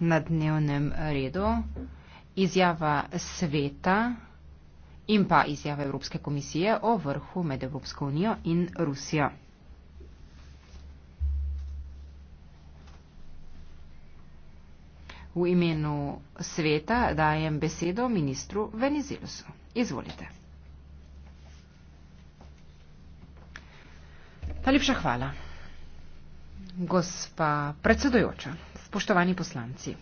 na dnevnem redu izjava sveta in pa izjava Evropske komisije o vrhu med Evropsko unijo in Rusijo. V imenu sveta dajem besedo ministru Venizelosu. Izvolite. Najlepša hvala. Gospa predsedujoča. Spoštovani poslanci.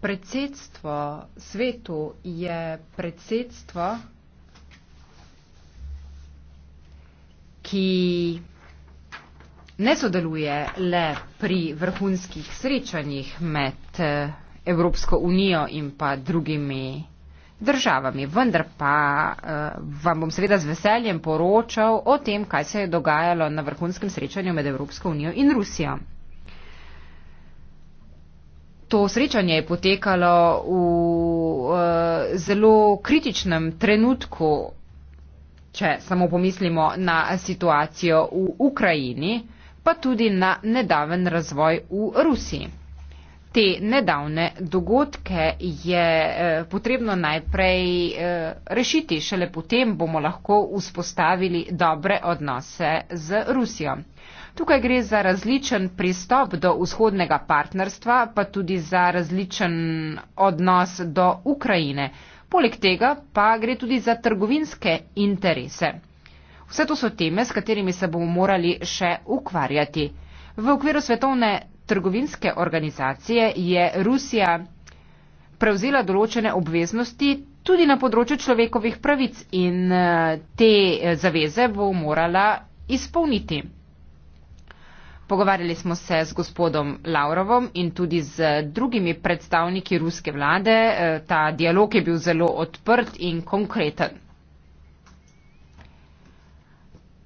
Predsedstvo svetu je predsedstvo, ki ne sodeluje le pri vrhunskih srečanjih med eh, Evropsko unijo in pa drugimi državami. Vendar pa uh, vam bom seveda z veseljem poročal o tem, kaj se je dogajalo na vrhunskem srečanju med Evropsko unijo in Rusijo. To srečanje je potekalo v uh, zelo kritičnem trenutku, če samo pomislimo na situacijo v Ukrajini, pa tudi na nedaven razvoj v Rusiji te nedavne dogodke je eh, potrebno najprej eh, rešiti, šele potem bomo lahko vzpostavili dobre odnose z Rusijo. Tukaj gre za različen pristop do vzhodnega partnerstva, pa tudi za različen odnos do Ukrajine. Poleg tega pa gre tudi za trgovinske interese. Vse to so teme, s katerimi se bomo morali še ukvarjati. V okviru svetovne trgovinske organizacije je Rusija prevzela določene obveznosti tudi na področju človekovih pravic in eh, te eh, zaveze bo morala izpolniti. Pogovarjali smo se z gospodom Lavrovom in tudi z drugimi predstavniki ruske vlade. Eh, ta dialog je bil zelo odprt in konkreten.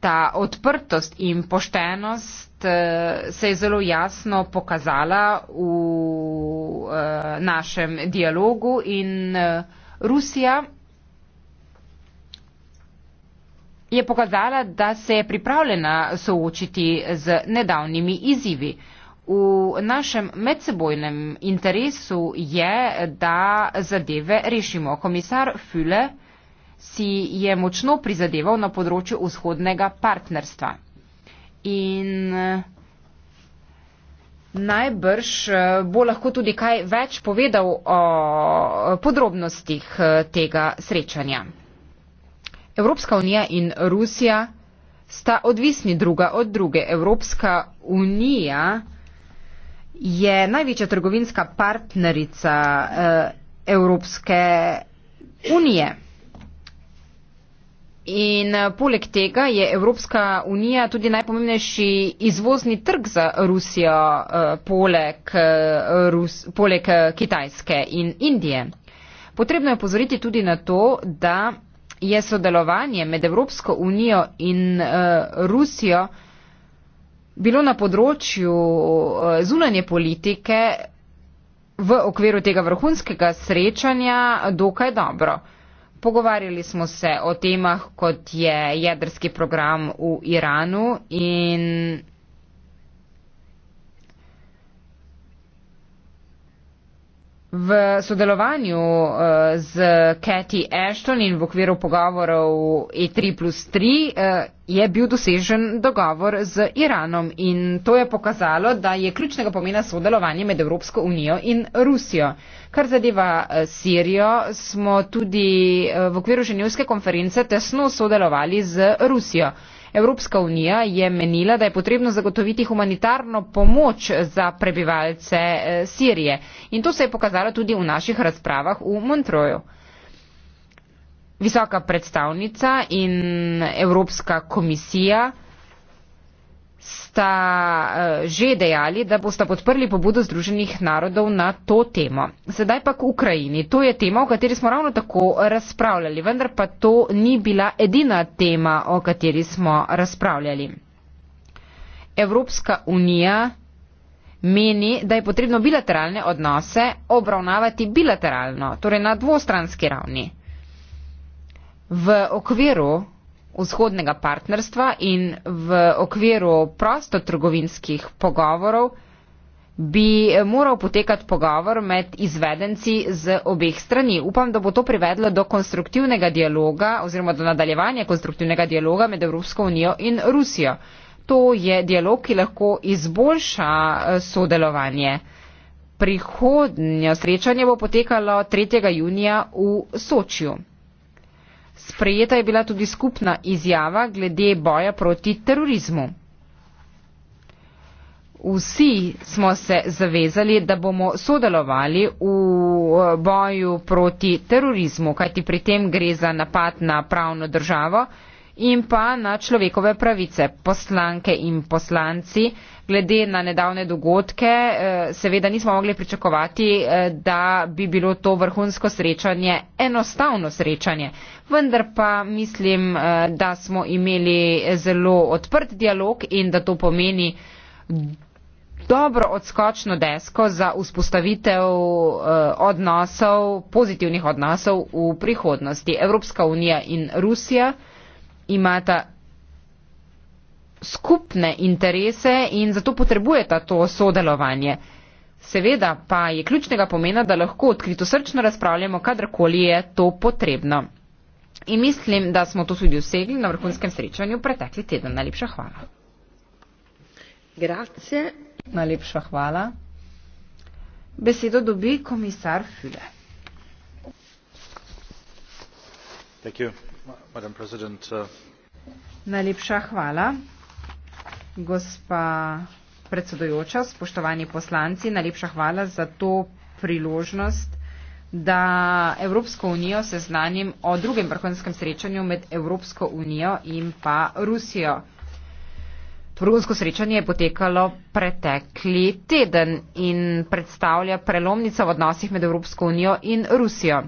Ta odprtost in poštenost Eh, se je zelo jasno pokazala v eh, našem dialogu in eh, Rusija je pokazala, da se je pripravljena soočiti z nedavnimi izzivi. V našem medsebojnem interesu je, da zadeve rešimo. Komisar Füle si je močno prizadeval na področju vzhodnega partnerstva in eh, najbrž eh, bo lahko tudi kaj več povedal o eh, podrobnostih tega srečanja. Evropska unija in Rusija sta odvisni druga od druge. Evropska unija je največja trgovinska partnerica Evropske unije. In eh, poleg tega je Evropska unija tudi najpomembnejši izvozni trg za Rusijo eh, poleg, eh, Rus, poleg Kitajske in Indije. Potrebno je pozoriti tudi na to, da je sodelovanje med Evropsko unijo in Rusijo bilo na področju zunanje politike v okviru tega vrhunskega srečanja dokaj dobro. Pogovarjali smo se o temah, kot je jedrski program v Iranu in V sodelovanju uh, z Cathy Ashton in v okviru pogovorov E3 plus 3 uh, eh, je bil dosežen dogovor z Iranom in to je pokazalo, da je ključnega pomena sodelovanje med Evropsko unijo in Rusijo. Kar zadeva uh, Sirijo, smo tudi uh, v okviru ženevske konference tesno sodelovali z Rusijo. Uh, Evropska unija je menila, da je potrebno zagotoviti humanitarno pomoč za prebivalce eh, Sirije. In to se je pokazalo tudi v naših razpravah v Montroju. Visoka predstavnica in Evropska komisija sta eh, že dejali, da boste podprli pobudo Združenih narodov na to temo. Sedaj pa k Ukrajini. To je tema, o kateri smo ravno tako razpravljali, vendar pa to ni bila edina tema, o kateri smo razpravljali. Evropska unija meni, da je potrebno bilateralne odnose obravnavati bilateralno, torej na dvostranski ravni. V okviru vzhodnega partnerstva in v okviru prostotrgovinskih pogovorov bi moral potekati pogovor med izvedenci z obeh strani. Upam, da bo to privedlo do konstruktivnega dialoga oziroma do nadaljevanja konstruktivnega dialoga med Evropsko unijo in Rusijo. To je dialog, ki lahko izboljša eh, sodelovanje. Prihodnje srečanje bo potekalo 3. junija v Sočju. Sprejeta je bila tudi skupna izjava glede boja proti terorizmu. Vsi smo se zavezali, da bomo sodelovali v eh, boju proti terorizmu, kajti pri tem gre za napad na pravno državo, in pa na človekove pravice. Poslanke in poslanci, glede na nedavne dogodke, eh, seveda nismo mogli pričakovati, eh, da bi bilo to vrhunsko srečanje enostavno srečanje. Vendar pa mislim, eh, da smo imeli zelo odprt dialog in da to pomeni dobro odskočno desko za vzpostavitev odnosov, pozitivnih odnosov v prihodnosti. Evropska unija in Rusija imata skupne interese in zato potrebujeta to sodelovanje. Seveda pa je ključnega pomena, da lahko odkrito srčno razpravljamo, kadarkoli je to potrebno. In mislim, da smo to tudi dosegli na vrhunskem srečanju pretekli teden. Najlepša hvala. Grazie. Najlepša hvala. Besedo dobi komisar Füle. Thank you. Uh, najlepša hvala. Gospa predsedojoča, spoštovani poslanci, najlepša hvala za to priložnost, da Evropsko unijo seznanim o drugem vrhunskem srečanju med Evropsko unijo in pa Rusijo. Vrhunsko srečanje je potekalo pretekli teden in predstavlja prelomnica v odnosih med Evropsko unijo in Rusijo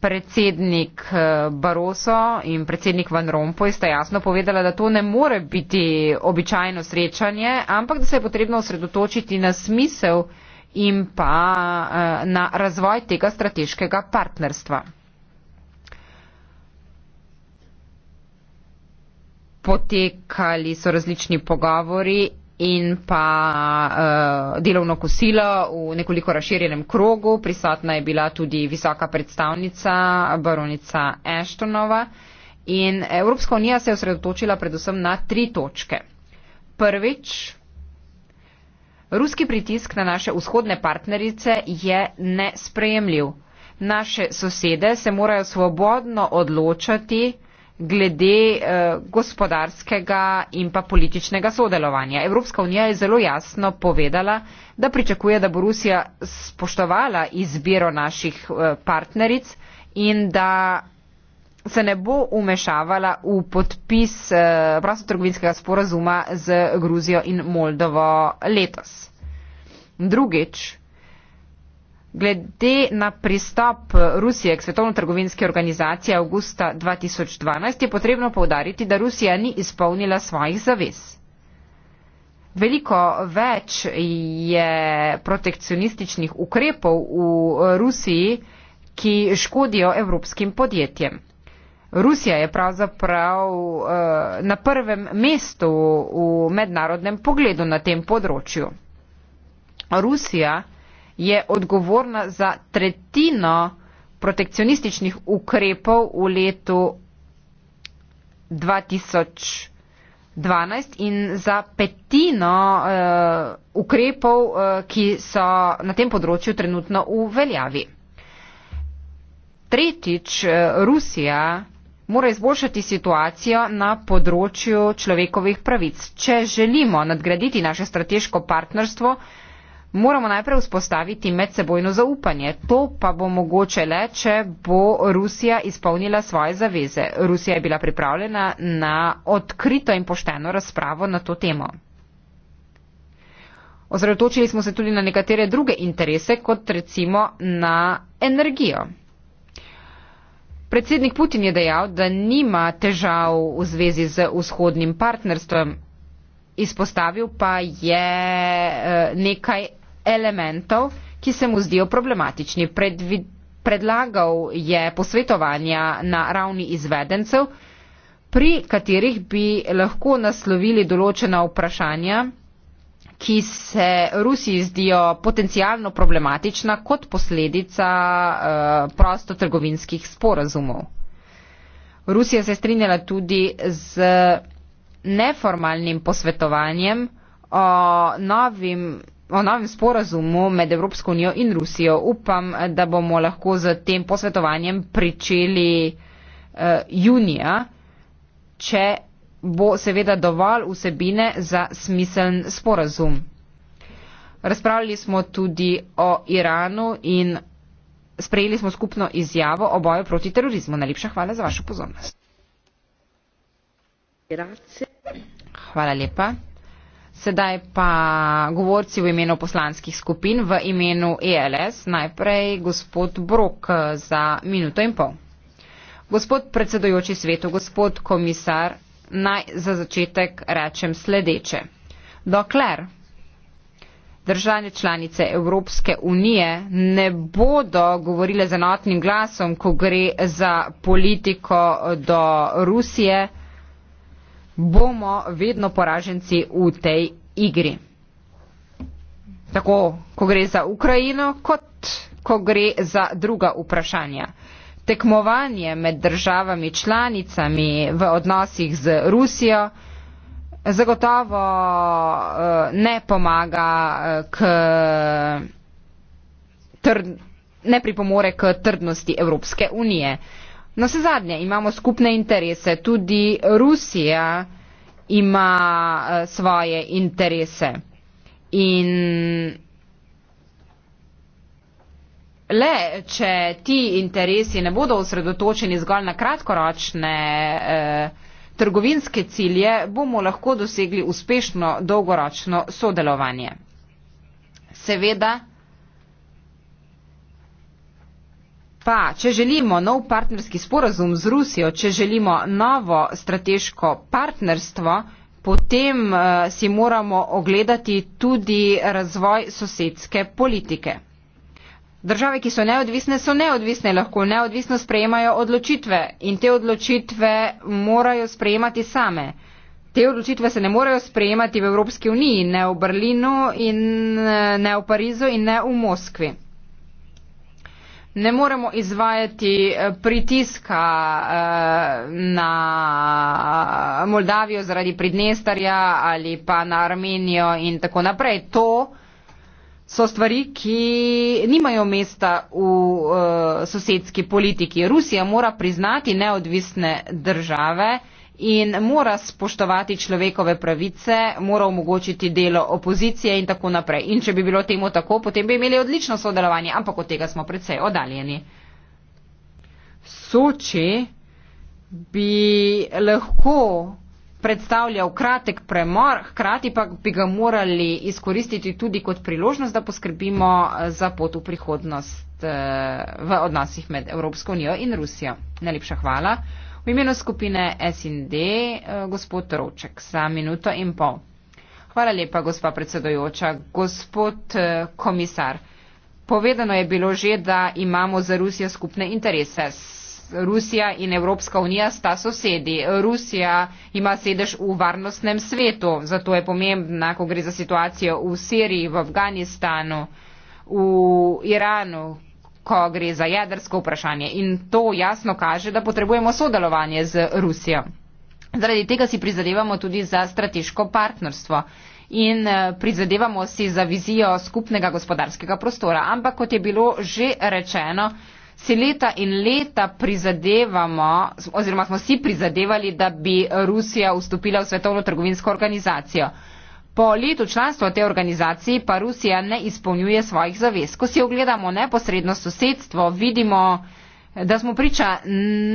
predsednik eh, Baroso in predsednik Van Rompuy sta jasno povedala, da to ne more biti običajno srečanje, ampak da se je potrebno osredotočiti na smisel in pa eh, na razvoj tega strateškega partnerstva. Potekali so različni pogovori in pa uh, delovno kosilo v nekoliko razširjenem krogu. Prisotna je bila tudi visoka predstavnica baronica Ashtonova. In Evropska unija se je osredotočila predvsem na tri točke. Prvič, ruski pritisk na naše vzhodne partnerice je nesprejemljiv. Naše sosede se morajo svobodno odločati, glede eh, gospodarskega in pa političnega sodelovanja. Evropska unija je zelo jasno povedala, da pričakuje, da bo Rusija spoštovala izbiro naših eh, partneric in da se ne bo umešavala v podpis eh, prostotrgovinskega sporazuma z Gruzijo in Moldovo letos. Drugič, Glede na pristop eh, Rusije k Svetovno trgovinski organizaciji avgusta 2012 je potrebno povdariti, da Rusija ni izpolnila svojih zavez. Veliko več je protekcionističnih ukrepov v eh, Rusiji, ki škodijo evropskim podjetjem. Rusija je pravzaprav eh, na prvem mestu v mednarodnem pogledu na tem področju. Rusija je odgovorna za tretjino protekcionističnih ukrepov v letu 2012 in za petino uh, ukrepov, uh, ki so na tem področju trenutno v veljavi. Tretjič, uh, Rusija mora izboljšati situacijo na področju človekovih pravic. Če želimo nadgraditi naše strateško partnerstvo, moramo najprej vzpostaviti medsebojno zaupanje. To pa bo mogoče le, če bo Rusija izpolnila svoje zaveze. Rusija je bila pripravljena na odkrito in pošteno razpravo na to temo. Ozredotočili smo se tudi na nekatere druge interese, kot recimo na energijo. Predsednik Putin je dejal, da nima težav v zvezi z vzhodnim partnerstvom, izpostavil pa je eh, nekaj elementov, ki se mu zdijo problematični. Predvi, predlagal je posvetovanja na ravni izvedencev, pri katerih bi lahko naslovili določena vprašanja, ki se Rusiji zdijo potencijalno problematična kot posledica eh, prostotrgovinskih sporazumov. Rusija se strinjala tudi z neformalnim posvetovanjem o novim o novem sporazumu med Evropsko unijo in Rusijo. Upam, da bomo lahko z tem posvetovanjem pričeli eh, junija, če bo seveda dovolj vsebine za smiseln sporazum. Razpravljali smo tudi o Iranu in sprejeli smo skupno izjavo o boju proti terorizmu. Najlepša hvala za vašo pozornost. Grazie. Hvala lepa. Sedaj pa govorci v imenu poslanskih skupin v imenu ELS. Najprej gospod Brok za minuto in pol. Gospod predsedojoči svetu, gospod komisar, naj za začetek rečem sledeče. Dokler državne članice Evropske unije ne bodo govorile z enotnim glasom, ko gre za politiko do Rusije, bomo vedno poraženci v tej igri. Tako, ko gre za Ukrajino, kot ko gre za druga vprašanja. Tekmovanje med državami članicami v odnosih z Rusijo zagotovo eh, ne pomaga eh, k trd, ne pripomore k trdnosti Evropske unije. Na vse zadnje imamo skupne interese, tudi Rusija ima eh, svoje interese. In le, če ti interesi ne bodo osredotočeni zgolj na kratkoročne eh, trgovinske cilje, bomo lahko dosegli uspešno dolgoročno sodelovanje. Seveda, pa, če želimo nov partnerski sporazum z Rusijo, če želimo novo strateško partnerstvo, potem uh, si moramo ogledati tudi razvoj sosedske politike. Države, ki so neodvisne, so neodvisne, lahko neodvisno sprejemajo odločitve in te odločitve morajo sprejemati same. Te odločitve se ne morejo sprejemati v Evropski uniji, ne v Berlinu in eh, ne v Parizu in ne v Moskvi ne moremo izvajati eh, pritiska eh, na Moldavijo zaradi Pridnestarja ali pa na Armenijo in tako naprej. To so stvari, ki nimajo mesta v eh, sosedski politiki. Rusija mora priznati neodvisne države in mora spoštovati človekove pravice, mora omogočiti delo opozicije in tako naprej. In če bi bilo temu tako, potem bi imeli odlično sodelovanje, ampak od tega smo predvsej odaljeni. Soči bi lahko predstavljal kratek premor, hkrati pa bi ga morali izkoristiti tudi kot priložnost, da poskrbimo eh, za pot v prihodnost eh, v odnosih med Evropsko unijo in Rusijo. Najlepša hvala. V imenu skupine SND, eh, gospod Roček, za minuto in pol. Hvala lepa, gospa predsedojoča. Gospod eh, komisar, povedano je bilo že, da imamo za Rusijo skupne interese. Rusija in Evropska unija sta sosedi. Rusija ima sedež v varnostnem svetu, zato je pomembna, ko gre za situacijo v Siriji, v Afganistanu, v Iranu, ko gre za jedrsko vprašanje. In to jasno kaže, da potrebujemo sodelovanje z Rusijo. Zaradi tega si prizadevamo tudi za strateško partnerstvo in eh, prizadevamo si za vizijo skupnega gospodarskega prostora. Ampak, kot je bilo že rečeno, si leta in leta prizadevamo oziroma smo si prizadevali, da bi Rusija vstopila v svetovno trgovinsko organizacijo. Po letu članstva te organizaciji pa Rusija ne izpolnjuje svojih zavez. Ko si ogledamo neposredno sosedstvo, vidimo, da smo priča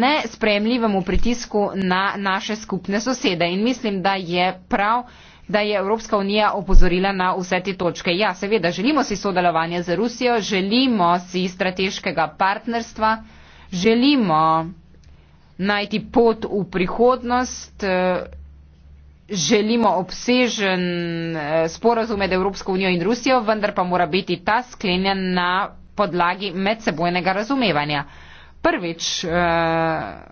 nespremljivemu pritisku na naše skupne sosede in mislim, da je prav, da je Evropska unija opozorila na vse te točke. Ja, seveda, želimo si sodelovanje z Rusijo, želimo si strateškega partnerstva, želimo najti pot v prihodnost. Eh, želimo obsežen eh, sporazum med Evropsko unijo in Rusijo, vendar pa mora biti ta sklenjen na podlagi medsebojnega razumevanja. Prvič, eh,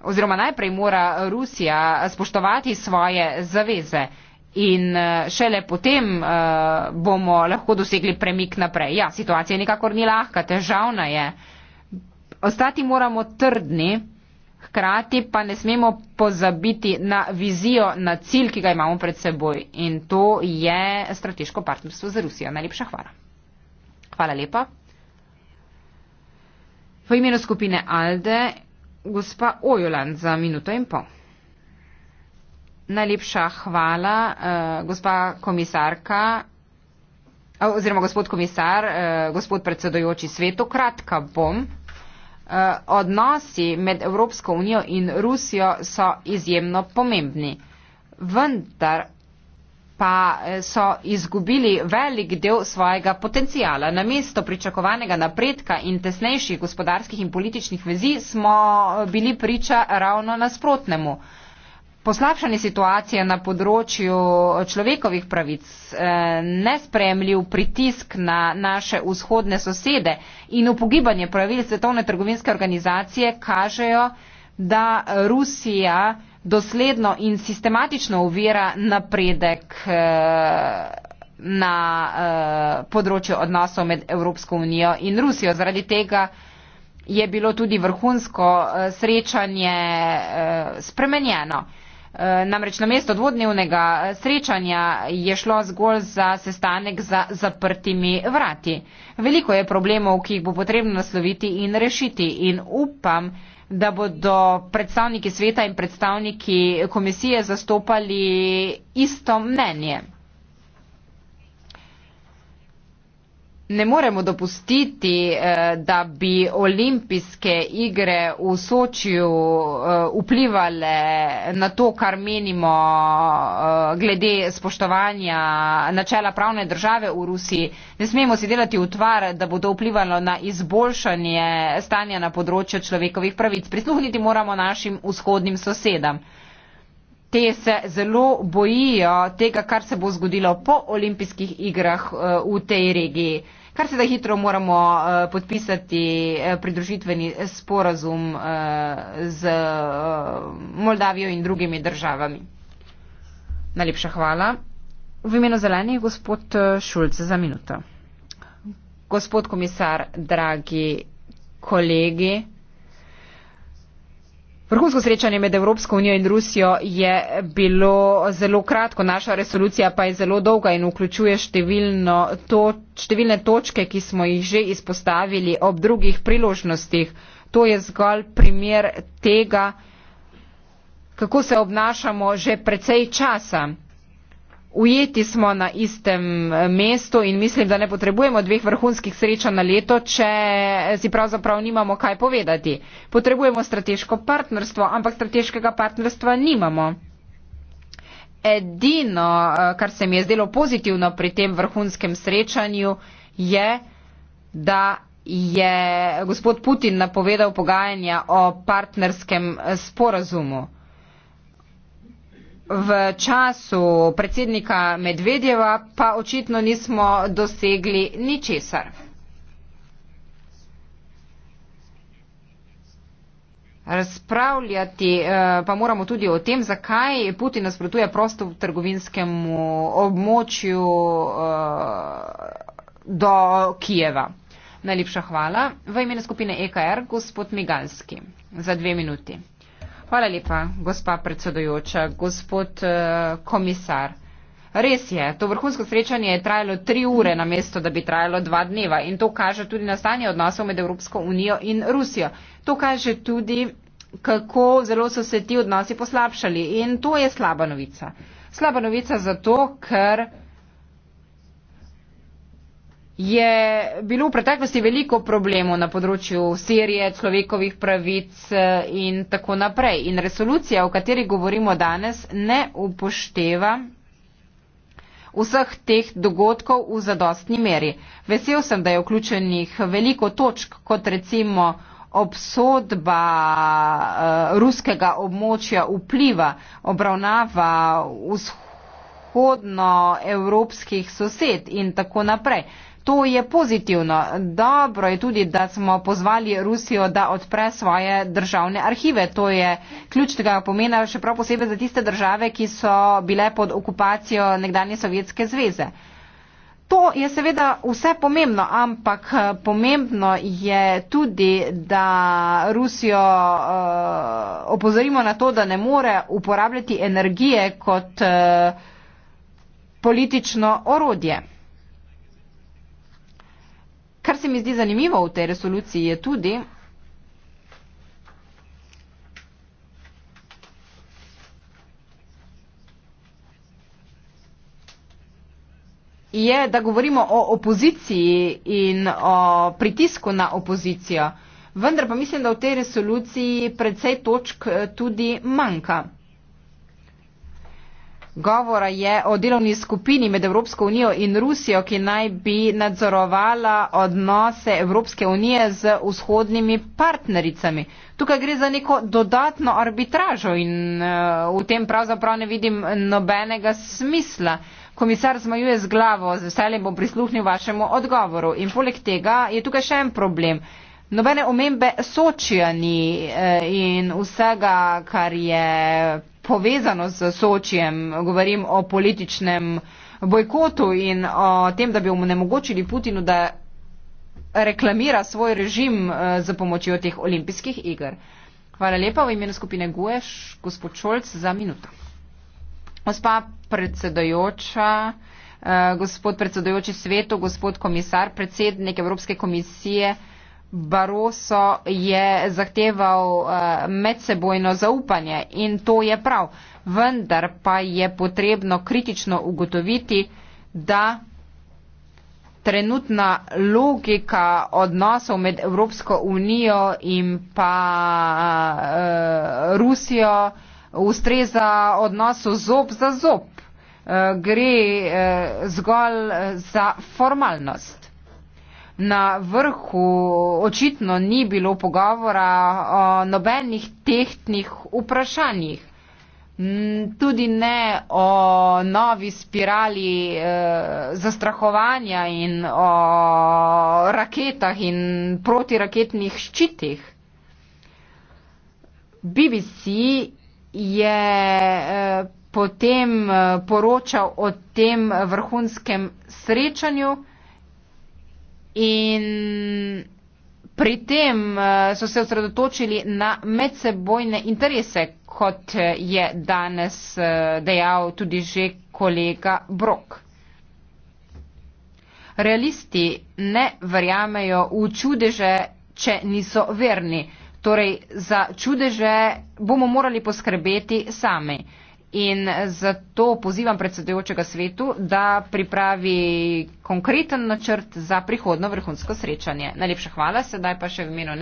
oziroma najprej mora Rusija spoštovati svoje zaveze in eh, šele potem bomo lahko dosegli premik naprej. Ja, situacija nikakor ni lahka, težavna je. Ostati moramo trdni hkrati pa ne smemo pozabiti na vizijo, na cilj, ki ga imamo pred seboj in to je strateško partnerstvo z Rusijo. Najlepša hvala. Hvala lepa. V imenu skupine Alde, gospa Ojoland za minuto in pol. Najlepša hvala, uh, gospa komisarka, eh, oziroma gospod komisar, uh, gospod predsedojoči svetu. Kratka bom. Eh, odnosi med Evropsko unijo in Rusijo so izjemno pomembni. Vendar pa eh, so izgubili velik del svojega potencijala. Namesto pričakovanega napredka in tesnejših gospodarskih in političnih vezi smo bili priča ravno nasprotnemu. Uh, poslabšanje situacije na področju človekovih pravic, eh, nespremljiv pritisk na naše vzhodne sosede in upogibanje pravil Svetovne trgovinske organizacije kažejo, da Rusija dosledno in sistematično uvira napredek eh, na eh, področju odnosov med Evropsko unijo in Rusijo. Zaradi tega je bilo tudi vrhunsko srečanje spremenjeno. Eh, namreč na mesto dvodnevnega eh, srečanja je šlo zgolj za sestanek za zaprtimi vrati. Veliko je problemov, ki jih bo potrebno nasloviti in rešiti in upam, da bodo predstavniki sveta in predstavniki komisije zastopali isto mnenje. Ne moremo dopustiti, eh, da bi olimpijske igre v Sočiju eh, vplivale na to, kar menimo eh, glede spoštovanja načela pravne države v Rusiji. Ne smemo si delati utvar, da bo to vplivalo na izboljšanje stanja na področju človekovih pravic. Prisluhniti moramo našim vzhodnim sosedam. Te se zelo bojijo tega, kar se bo zgodilo po olimpijskih igrah v tej regiji kar se da hitro moramo uh, podpisati uh, pridružitveni sporazum uh, z uh, Moldavijo in drugimi državami. Najlepša hvala. V imenu zelenih gospod Šulc za minuto. Gospod komisar, dragi kolegi, Vrhunsko srečanje med Evropsko unijo in Rusijo je bilo zelo kratko, naša resolucija pa je zelo dolga in vključuje to, številne točke, ki smo jih že izpostavili ob drugih priložnostih. To je zgolj primer tega, kako se obnašamo že precej časa. Ujeti smo na istem eh, mestu in mislim, da ne potrebujemo dveh vrhunskih srečanj na leto, če eh, si pravzaprav nimamo kaj povedati. Potrebujemo strateško partnerstvo, ampak strateškega partnerstva nimamo. Edino, eh, kar se mi je zdelo pozitivno pri tem vrhunskem srečanju, je, da je gospod Putin napovedal pogajanja o partnerskem sporazumu v času predsednika Medvedjeva pa očitno nismo dosegli ničesar. Razpravljati eh, pa moramo tudi o tem, zakaj Putin nasprotuje prosto v trgovinskem območju eh, do Kijeva. Najlepša hvala. V imenu skupine EKR gospod Migalski za dve minuti. Hvala lepa, gospa predsedujoča, gospod uh, komisar. Res je, to vrhunsko srečanje je trajalo tri ure na mesto, da bi trajalo dva dneva in to kaže tudi na stanje odnosov med Evropsko unijo in Rusijo. To kaže tudi, kako zelo so se ti odnosi poslabšali in to je slaba novica. Slaba novica zato, ker je bilo v preteklosti veliko problemov na področju Sirije, človekovih pravic eh, in tako naprej. In resolucija, o kateri govorimo danes, ne upošteva vseh teh dogodkov v zadostni meri. Vesel sem, da je vključenih veliko točk, kot recimo obsodba uh, ruskega območja vpliva, obravnava vzhodnoevropskih sosed in tako naprej. Uh, to je pozitivno. Dobro je tudi, da smo pozvali Rusijo, da odpre svoje državne arhive. To je ključnega pomena, še prav posebej za tiste države, ki so bile pod okupacijo nekdanje Sovjetske zveze. To je seveda vse pomembno, ampak eh, pomembno je tudi, da Rusijo uh, opozorimo na to, da ne more uporabljati energije kot uh, politično orodje. Kar se mi zdi zanimivo v tej resoluciji je tudi, je, da govorimo o opoziciji in o pritisku na opozicijo. Vendar pa mislim, da v tej resoluciji predvsej točk eh, tudi manjka. Govora je o delovni skupini med Evropsko unijo in Rusijo, ki naj bi nadzorovala odnose Evropske unije z vzhodnimi partnericami. Tukaj gre za neko dodatno arbitražo in eh, v tem pravzaprav ne vidim nobenega smisla. Komisar zmajuje z glavo, z veseljem bom prisluhnil vašemu odgovoru. In poleg tega je tukaj še en problem. Nobene omembe Sočija ni eh, in vsega, kar je povezano z Sočijem, govorim o političnem bojkotu in o tem, da bi omogočili Putinu, da reklamira svoj režim eh, za pomočjo teh olimpijskih igr. Hvala lepa v imenu skupine Gueš, gospod Šolc, za minuto. Gospa predsedojoča, eh, gospod predsedojoči svetu, gospod komisar, predsednik Evropske komisije. Baroso je zahteval eh, medsebojno zaupanje in to je prav. Vendar pa je potrebno kritično ugotoviti, da trenutna logika odnosov med Evropsko unijo in pa eh, Rusijo ustreza odnosu zob za zob. Eh, gre zgolj za formalnost na vrhu očitno ni bilo pogovora o nobenih tehtnih vprašanjih, mm, tudi ne o novi spirali e, zastrahovanja in o raketah in protiraketnih ščitih. BBC je eh, potem eh, poročal o tem vrhunskem srečanju, In pri tem eh, so se osredotočili na medsebojne interese, kot eh, je danes eh, dejal tudi že kolega Brok. Realisti ne verjamejo v čudeže, če niso verni. Torej, za čudeže bomo morali poskrbeti sami. In zato pozivam predsedujočega svetu, da pripravi konkreten načrt za prihodno vrhunsko srečanje. Najlepša hvala, sedaj pa še v imenu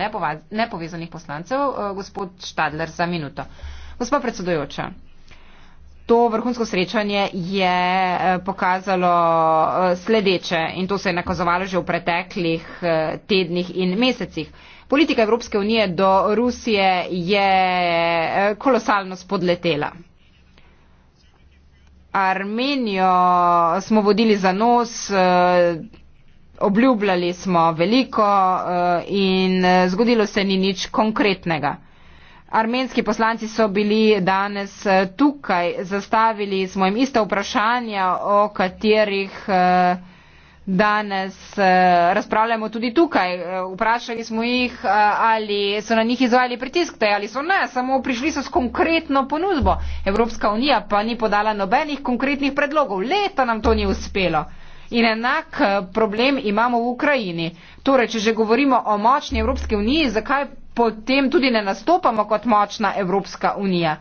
nepovezanih poslancev, eh, gospod Štadler, za minuto. Gospod predsedujoča, to vrhunsko srečanje je eh, pokazalo eh, sledeče in to se je nakazovalo že v preteklih tednih in mesecih. Politika Evropske unije do Rusije je kolosalno spodletela. Armenijo smo vodili za nos, eh, obljubljali smo veliko eh, in eh, zgodilo se ni nič konkretnega. Armenski poslanci so bili danes tukaj, zastavili smo jim ista vprašanja, o katerih danes eh, razpravljamo tudi tukaj. Eh, vprašali smo jih, eh, ali so na njih izvajali pritisk, te ali so ne, samo prišli so s konkretno ponudbo. Evropska unija pa ni podala nobenih konkretnih predlogov. Leta nam to ni uspelo. In enak eh, problem imamo v Ukrajini. Torej, če že govorimo o močni Evropski uniji, zakaj potem tudi ne nastopamo kot močna Evropska unija?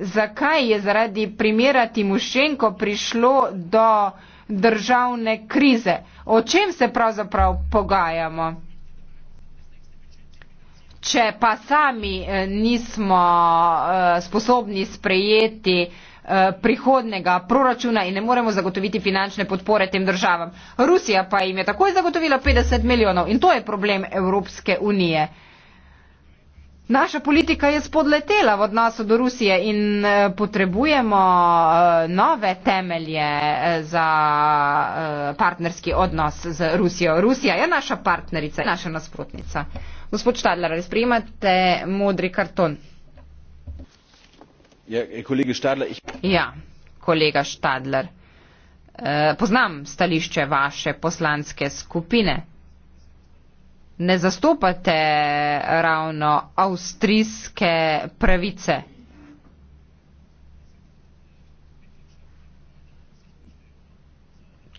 Zakaj je zaradi primera Timošenko prišlo do uh, državne krize. O čem se pravzaprav pogajamo? Če pa sami eh, nismo eh, sposobni sprejeti eh, prihodnega proračuna in ne moremo zagotoviti finančne podpore tem državam. Rusija pa jim je takoj zagotovila 50 milijonov in to je problem Evropske unije. Naša politika je spodletela v odnosu do Rusije in eh, potrebujemo eh, nove temelje eh, za partnerski odnos z Rusijo. Rusija je naša partnerica, naša nasprotnica. Gospod Štadler, ali sprejmate modri karton? Ja, ja kolega Štadler, poznam stališče vaše poslanske skupine ne zastopate ravno avstrijske pravice.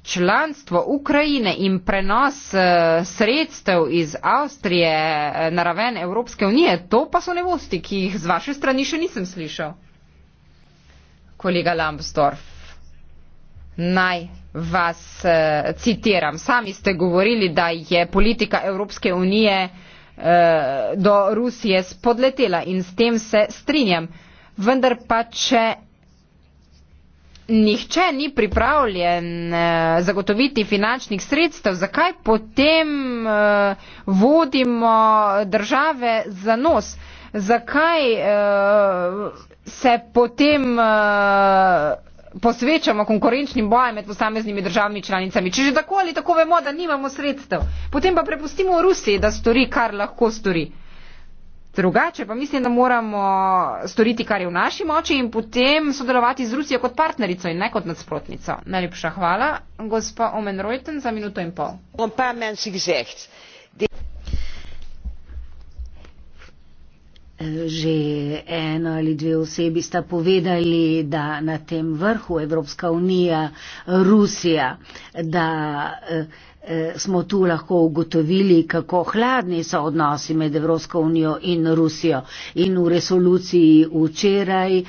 Članstvo Ukrajine in prenos eh, sredstev iz Avstrije eh, na raven Evropske unije, to pa so nevosti, ki jih z vaše strani še nisem slišal. Kolega Lambsdorff naj vas eh, citiram. Sami ste govorili, da je politika Evropske unije eh, do Rusije spodletela in s tem se strinjam. Vendar pa, če nihče ni pripravljen eh, zagotoviti finančnih sredstev, zakaj potem eh, vodimo države za nos? Zakaj eh, se potem. Eh, posvečamo konkurenčnim bojem med posameznimi državami članicami. Če že tako ali tako vemo, da nimamo sredstev, potem pa prepustimo Rusiji, da stori, kar lahko stori. Drugače pa mislim, da moramo storiti, kar je v naši moči in potem sodelovati z Rusijo kot partnerico in ne kot nasprotnico. Najlepša hvala, gospa Omen Reuten, za minuto in pol. Že ena ali dve osebi sta povedali, da na tem vrhu Evropska unija, Rusija, da eh, Eh, smo tu lahko ugotovili, kako hladni so odnosi med Evropsko unijo in Rusijo. In v resoluciji včeraj eh,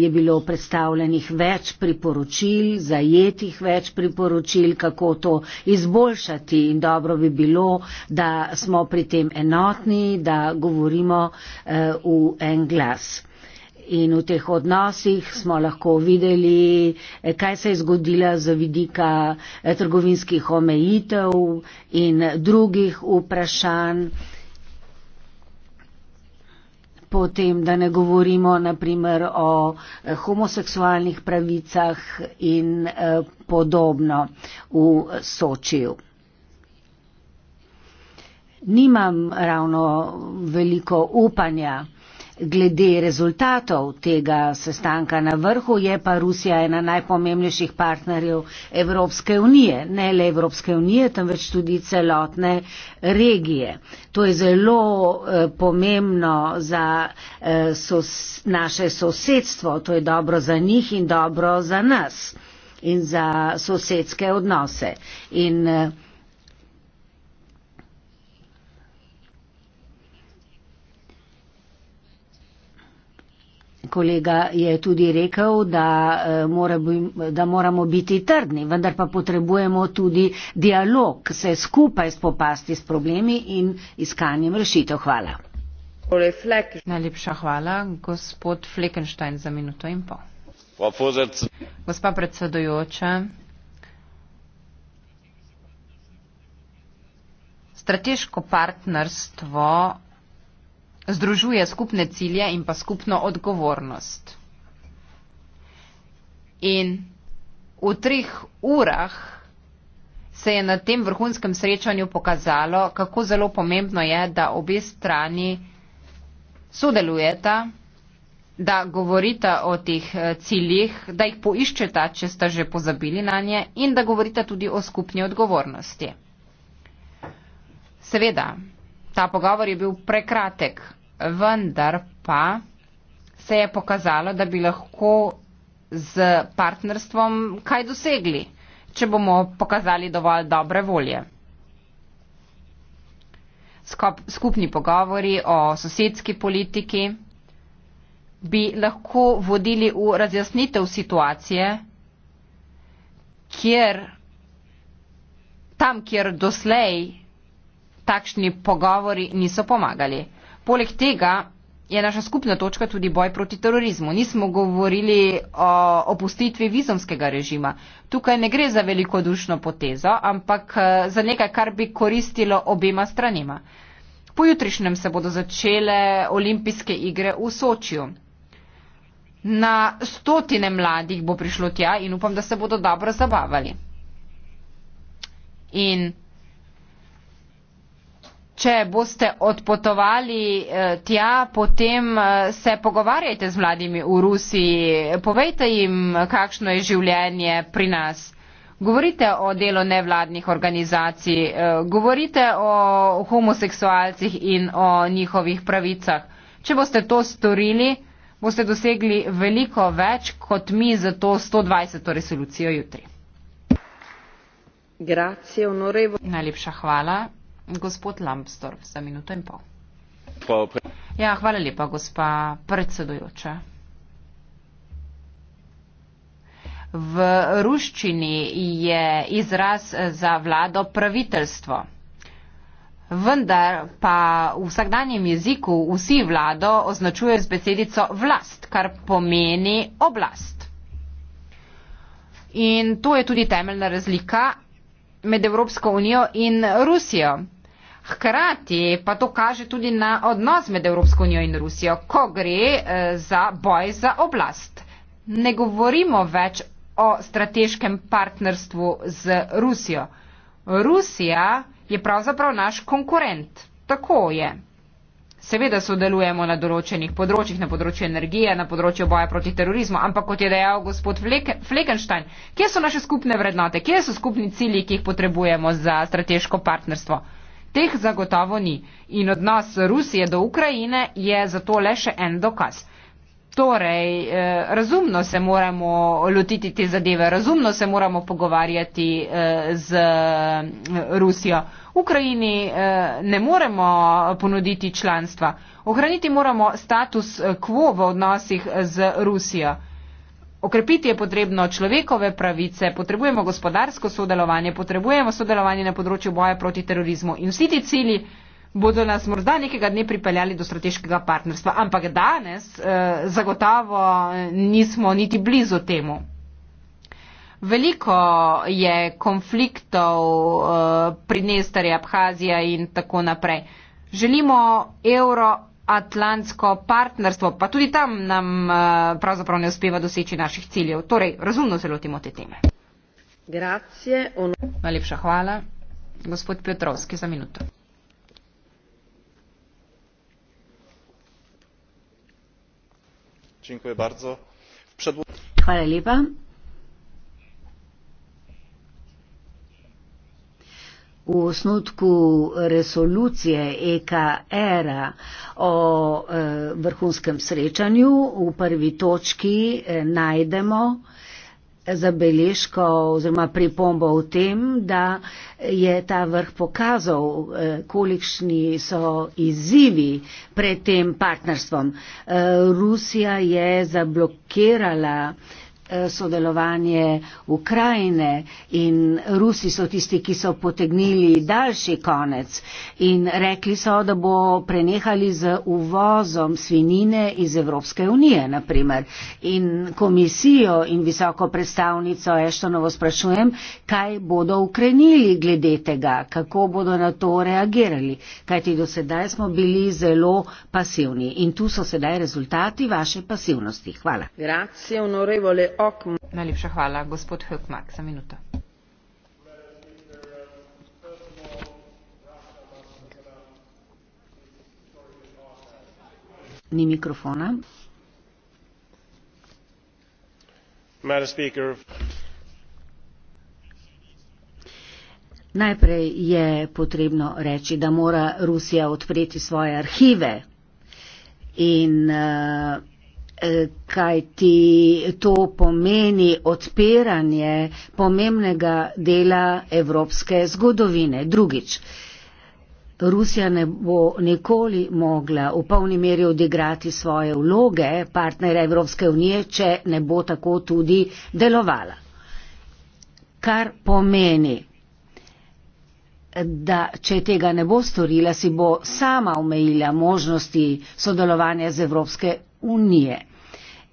je bilo predstavljenih več priporočil, zajetih več priporočil, kako to izboljšati in dobro bi bilo, da smo pri tem enotni, da govorimo eh, v en glas in v teh odnosih smo lahko videli, eh, kaj se je zgodilo z vidika eh, trgovinskih omejitev in drugih vprašanj. Potem, da ne govorimo naprimer o eh, homoseksualnih pravicah in podobno v Sočiju. Nimam ravno veliko upanja. Glede rezultatov tega sestanka na vrhu je pa Rusija ena najpomembnejših partnerjev Evropske unije, ne le Evropske unije, temveč tudi celotne regije. To je zelo eh, pomembno za eh, sos, naše sosedstvo, to je dobro za njih in dobro za nas in za sosedske odnose. In, eh, kolega je tudi rekel, da, eh, mora bi, da moramo biti trdni, vendar pa potrebujemo tudi dialog, se skupaj spopasti s problemi in iskanjem rešitev. Hvala. Najlepša hvala, gospod Fleckenstein, za minuto in pol. Gospa predsedujoča. Strateško partnerstvo združuje skupne cilje in pa skupno odgovornost. In v treh urah se je na tem vrhunskem srečanju pokazalo, kako zelo pomembno je, da obe strani sodelujeta, da govorita o teh eh, ciljih, da jih poiščeta, če sta že pozabili na nje in da govorita tudi o skupni odgovornosti. Seveda, Ta pogovor je bil prekratek, vendar pa se je pokazalo, da bi lahko z partnerstvom kaj dosegli, če bomo pokazali dovolj dobre volje. Skop, skupni pogovori o sosedski politiki bi lahko vodili v razjasnitev situacije, kjer tam, kjer doslej takšni pogovori niso pomagali. Poleg tega je naša skupna točka tudi boj proti terorizmu. Nismo govorili o opustitvi vizumskega režima. Tukaj ne gre za velikodušno potezo, ampak eh, za nekaj, kar bi koristilo obema stranima. Pojutrišnjem se bodo začele olimpijske igre v Sočiju. Na stotine mladih bo prišlo tja in upam, da se bodo dobro zabavali. In če boste odpotovali eh, tja, potem eh, se pogovarjajte z mladimi v Rusiji, povejte jim, kakšno je življenje pri nas. Govorite o delu nevladnih organizacij, eh, govorite o homoseksualcih in o njihovih pravicah. Če boste to storili, boste dosegli veliko več kot mi za to 120. resolucijo jutri. Najlepša hvala gospod Lambsdorff za minuto in pol. Ja, hvala lepa, gospa predsedujoča. V ruščini je izraz za vlado pravitelstvo. Vendar pa v vsakdanjem jeziku vsi vlado označuje z besedico vlast, kar pomeni oblast. In to je tudi temeljna razlika med Evropsko unijo in Rusijo. Hkrati pa to kaže tudi na odnos med Evropsko unijo in Rusijo, ko gre eh, za boj za oblast. Ne govorimo več o strateškem partnerstvu z Rusijo. Rusija je pravzaprav naš konkurent. Tako je. Seveda sodelujemo na določenih področjih, na področju energije, na področju boja proti terorizmu, ampak kot je dejal gospod Flekenstein, kje so naše skupne vrednote, kje so skupni cilji, ki jih potrebujemo za strateško partnerstvo? Teh zagotovo ni in odnos Rusije do Ukrajine je zato le še en dokaz. Torej, eh, razumno se moramo lotiti te zadeve, razumno se moramo pogovarjati eh, z eh, Rusijo. Ukrajini eh, ne moremo ponuditi članstva. Ohraniti moramo status eh, quo v odnosih z Rusijo. Okrepiti je potrebno človekove pravice, potrebujemo gospodarsko sodelovanje, potrebujemo sodelovanje na področju boja proti terorizmu in vsi ti cilji bodo nas morda nekega dne pripeljali do strateškega partnerstva, ampak danes eh, zagotovo eh, nismo niti blizu temu. Veliko je konfliktov eh, pri Nestare, Abhazija in tako naprej. Želimo evro Atlantsko partnerstvo, pa tudi tam nam eh, pravzaprav ne uspeva doseči naših ciljev. Torej, razumno se lotimo te teme. Grazie, on... Najlepša hvala. Gospod Petrovski, za minuto. Hvala lepa. v osnutku resolucije EKR o eh, vrhunskem srečanju v prvi točki eh, najdemo zabeležko oziroma pripombo v tem, da je ta vrh pokazal, eh, kolikšni so izzivi pred tem partnerstvom. Rusija je zablokirala Eh, sodelovanje Ukrajine in Rusi so tisti, ki so potegnili daljši konec in rekli so, da bo prenehali z uvozom svinine iz Evropske unije naprimer. In komisijo in visoko predstavnico Eštonovo sprašujem, kaj bodo ukrenili glede tega, kako bodo na to reagirali, kajti do sedaj smo bili zelo pasivni in tu so sedaj rezultati vaše pasivnosti. Hvala. Grazie, Najlepša hvala, gospod Hökmark, za minuto. Ni mikrofona. Najprej je potrebno reči, da mora Rusija odpreti svoje arhive in uh, kaj ti to pomeni odpiranje pomembnega dela evropske zgodovine. Drugič, Rusija ne bo nikoli mogla v polni meri odigrati svoje vloge partnera Evropske unije, če ne bo tako tudi delovala. Kar pomeni, da če tega ne bo storila, si bo sama omejila možnosti sodelovanja z Evropske unije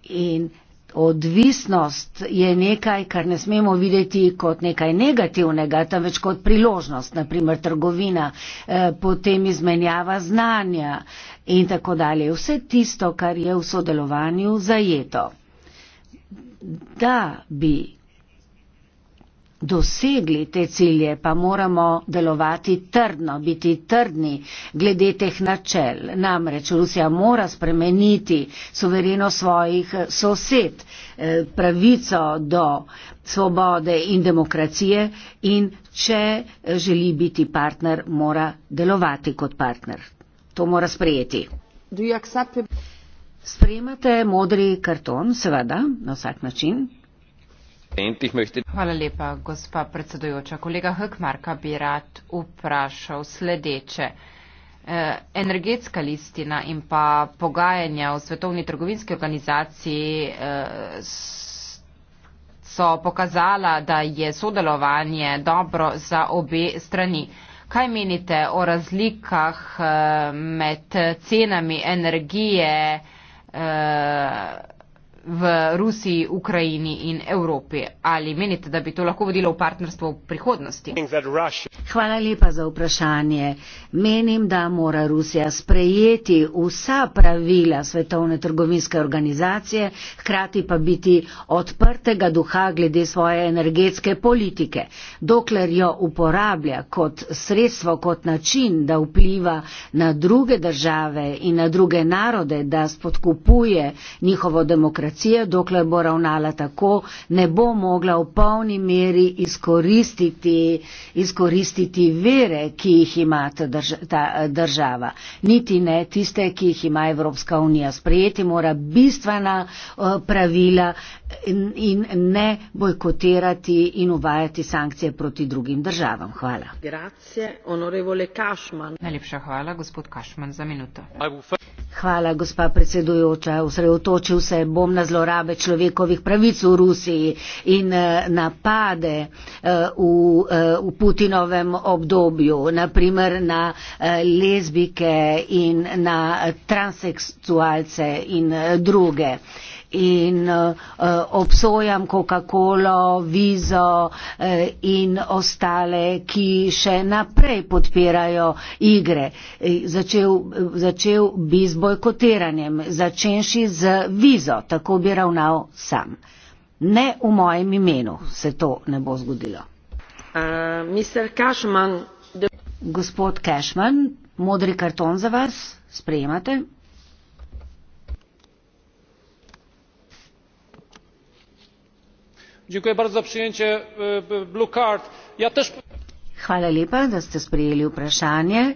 in odvisnost je nekaj, kar ne smemo videti kot nekaj negativnega, temveč kot priložnost, naprimer trgovina, eh, potem izmenjava znanja in tako dalje. Vse tisto, kar je v sodelovanju zajeto. Da bi dosegli te cilje, pa moramo delovati trdno, biti trdni glede teh načel. Namreč Rusija mora spremeniti suvereno svojih sosed, eh, pravico do svobode in demokracije in če eh, želi biti partner, mora delovati kot partner. To mora sprejeti. Sprejemate modri karton, seveda, na vsak način, Hvala lepa, gospa predsedujoča. Kolega Hkmarka bi rad vprašal sledeče. E, energetska listina in pa pogajanja v Svetovni trgovinski organizaciji e, so pokazala, da je sodelovanje dobro za obe strani. Kaj menite o razlikah e, med cenami energije? v Rusiji, Ukrajini in Evropi. Ali menite, da bi to lahko vodilo v partnerstvo v prihodnosti? Hvala lepa za vprašanje. Menim, da mora Rusija sprejeti vsa pravila Svetovne trgovinske organizacije, hkrati pa biti odprtega duha glede svoje energetske politike. Dokler jo uporablja kot sredstvo, kot način, da vpliva na druge države in na druge narode, da spodkupuje njihovo demokracijo, demokracija, dokler bo ravnala tako, ne bo mogla v polni meri izkoristiti, izkoristiti vere, ki jih ima ta, drž ta država. Niti ne tiste, ki jih ima Evropska unija. Sprejeti mora bistvena uh, pravila in, in ne bojkotirati in uvajati sankcije proti drugim državam. Hvala. Grazie, Najlepša hvala, gospod Kašman, za minuto. Hvala, gospa predsedujoča. Osredotočil se bom na zlorabe človekovih pravic v Rusiji in eh, napade eh, v, eh, v Putinovem obdobju, naprimer na lezbike in na transseksualce in druge in uh, obsojam Coca-Colo, Vizo uh, in ostale, ki še naprej podpirajo igre. Začel, začel bi z bojkotiranjem, začenši z Vizo, tako bi ravnal sam. Ne v mojem imenu se to ne bo zgodilo. Uh, Gospod Cashman, modri karton za vas, sprejemate? dziękuję bardzo za przyjęcie e, blue card ja też Hvala lepa, da ste sprejeli vprašanje.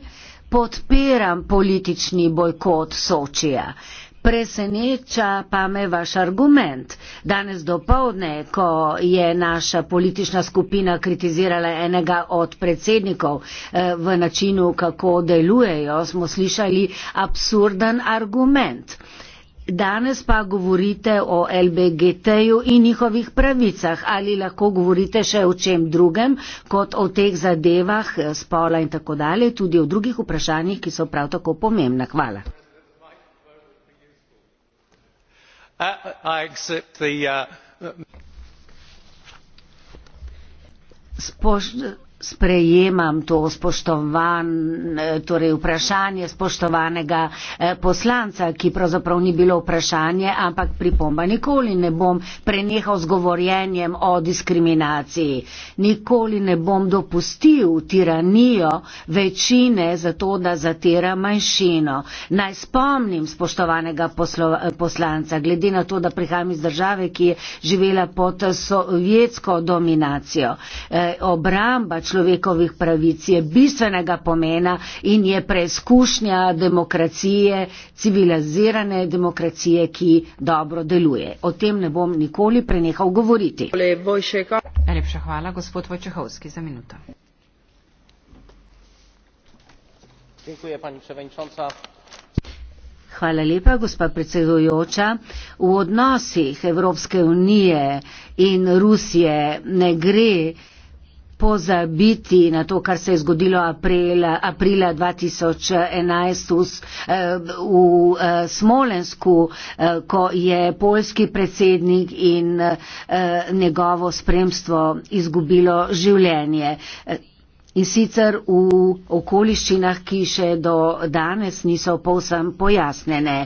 Podpiram politični bojkot Sočija. Preseneča pa me vaš argument. Danes dopovdne, ko je naša politična skupina kritizirala enega od predsednikov e, v načinu, kako delujejo, smo slišali absurden argument. Danes pa govorite o LBGT-ju in njihovih pravicah. Ali lahko govorite še o čem drugem, kot o teh zadevah, eh, spola in tako dalje, tudi o drugih vprašanjih, ki so prav tako pomembna. Hvala. Uh, uh, Spoš sprejemam to spoštovan, eh, torej vprašanje spoštovanega eh, poslanca, ki pravzaprav ni bilo vprašanje, ampak pripomba. Nikoli ne bom prenehal z govorjenjem o diskriminaciji. Nikoli ne bom dopustil tiranijo večine za to, da zatira manjšino. Naj spomnim spoštovanega poslo, poslanca, glede na to, da prihajam iz države, ki je živela pod sovjetsko dominacijo. E, obramba človekovih pravic je bistvenega pomena in je preizkušnja demokracije, civilizirane demokracije, ki dobro deluje. O tem ne bom nikoli prenehal govoriti. Najlepša hvala, gospod Vojčehovski, za minuto. Dziękuję, pani przewodnicząca. Hvala lepa, gospa predsedujoča. V odnosih Evropske unije in Rusije ne gre pozabiti na to, kar se je zgodilo aprila, aprila 2011 v, eh, v eh, Smolensku, eh, ko je polski predsednik in njegovo spremstvo izgubilo življenje. In sicer v okoliščinah, ki še do danes niso povsem pojasnjene.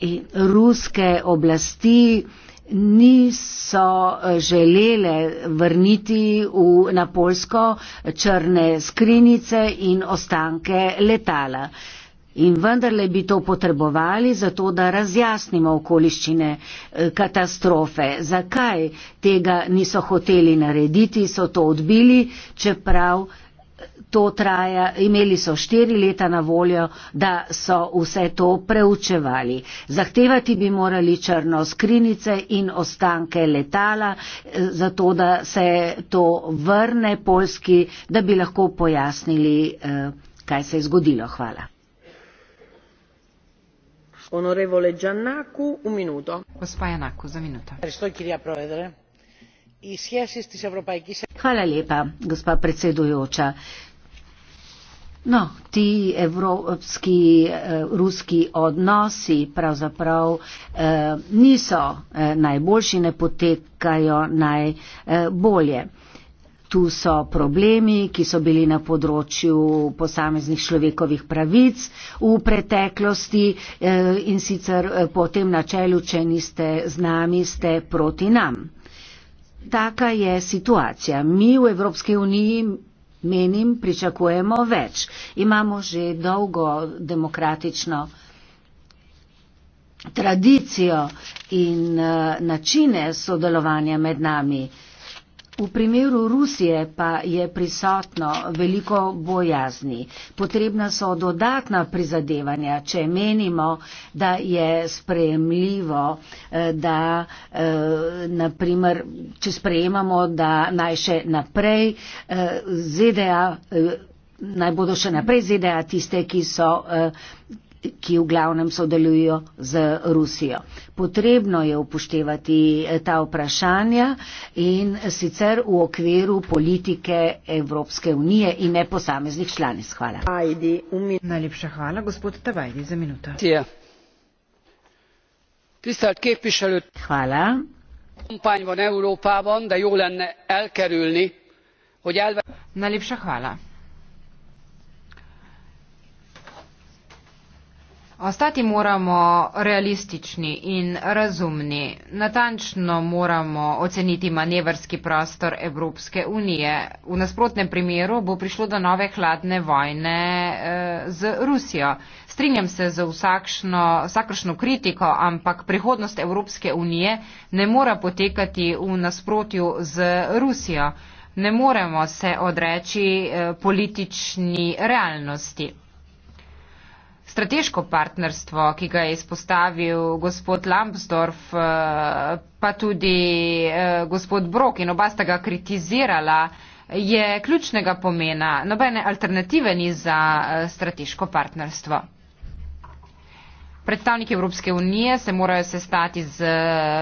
In ruske oblasti niso eh, želele vrniti v, na Polsko črne skrinice in ostanke letala. In vendarle bi to potrebovali, zato da razjasnimo okoliščine eh, katastrofe. Zakaj tega niso hoteli narediti, so to odbili, čeprav to traja, imeli so štiri leta na voljo, da so vse to preučevali. Zahtevati bi morali črno skrinice in ostanke letala, eh, zato da se to vrne Poljski, da bi lahko pojasnili, eh, kaj se je zgodilo. Hvala. Onorevole Giannaku, v minuto. Gospa Janaku, za minuto. Hvala lepa, gospa predsedujoča. No, ti evropski, eh, ruski odnosi pravzaprav eh, niso eh, najboljši, ne potekajo najbolje. Eh, tu so problemi, ki so bili na področju posameznih človekovih pravic v preteklosti eh, in sicer eh, po tem načelu, če niste z nami, ste proti nam. Taka je situacija. Mi v Evropski uniji, menim, pričakujemo več. Imamo že dolgo demokratično tradicijo in uh, načine sodelovanja med nami. Uh, V primeru Rusije pa je prisotno veliko bojazni. Potrebna so dodatna prizadevanja, če menimo, da je sprejemljivo, eh, da eh, naprimer, če sprejemamo, da naj še naprej eh, ZDA, naj bodo še naprej ZDA tiste, ki so ki v glavnem sodelujo z Rusijo. Potrebno je upoštevati eh, ta vprašanja in sicer v okviru politike Evropske unije in ne posameznih članic. Hvala. Najlepša hvala, gospod Tavajdi, za minuto. Hvala. Najlepša hvala. Ostati moramo realistični in razumni. Natančno moramo oceniti manevrski prostor Evropske unije. V nasprotnem primeru bo prišlo do nove hladne vojne eh, z Rusijo. Strinjam se z vsakršno kritiko, ampak prihodnost Evropske unije ne mora potekati v nasprotju z Rusijo. Ne moremo se odreči eh, politični realnosti strateško partnerstvo, ki ga je izpostavil gospod Lambsdorff, eh, pa tudi eh, gospod Brok in oba sta ga kritizirala, je ključnega pomena. Nobene alternative ni za eh, strateško partnerstvo. Predstavniki Evropske unije se morajo sestati z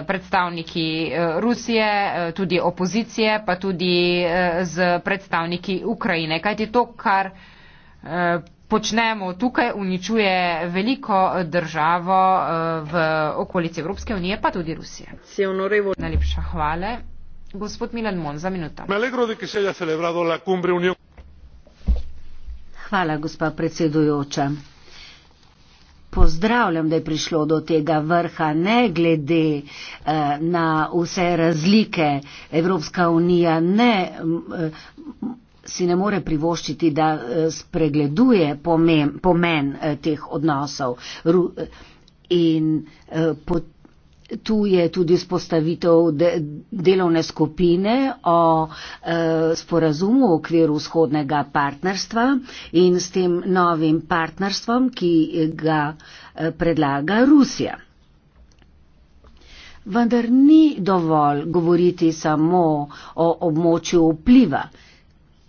predstavniki Rusije, tudi opozicije, pa tudi z predstavniki Ukrajine. Kaj je to, kar počnemo tukaj, uničuje veliko državo eh, v okolici Evropske unije, pa tudi Rusije. Najlepša hvala, gospod Milan Mon, za minuto. Hvala, gospa predsedujoča. Pozdravljam, da je prišlo do tega vrha, ne glede eh, na vse razlike. Evropska unija ne. Eh, si ne more privoščiti, da eh, spregleduje pomen, pomen eh, teh odnosov. Eh, in tu je tudi spostavitev delovne skupine o sporazumu v okviru vzhodnega partnerstva in s tem novim partnerstvom, ki ga predlaga Rusija. Vendar ni dovolj govoriti samo o območju vpliva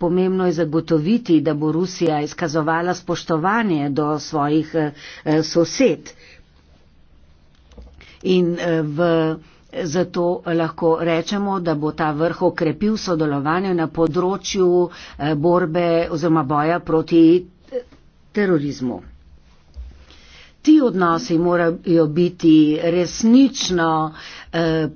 pomembno je zagotoviti, da bo Rusija izkazovala spoštovanje do svojih eh, eh, sosed. In eh, v, zato lahko rečemo, da bo ta vrh okrepil sodelovanje na področju borbe oziroma boja proti terorizmu. Ti odnosi morajo biti resnično eh,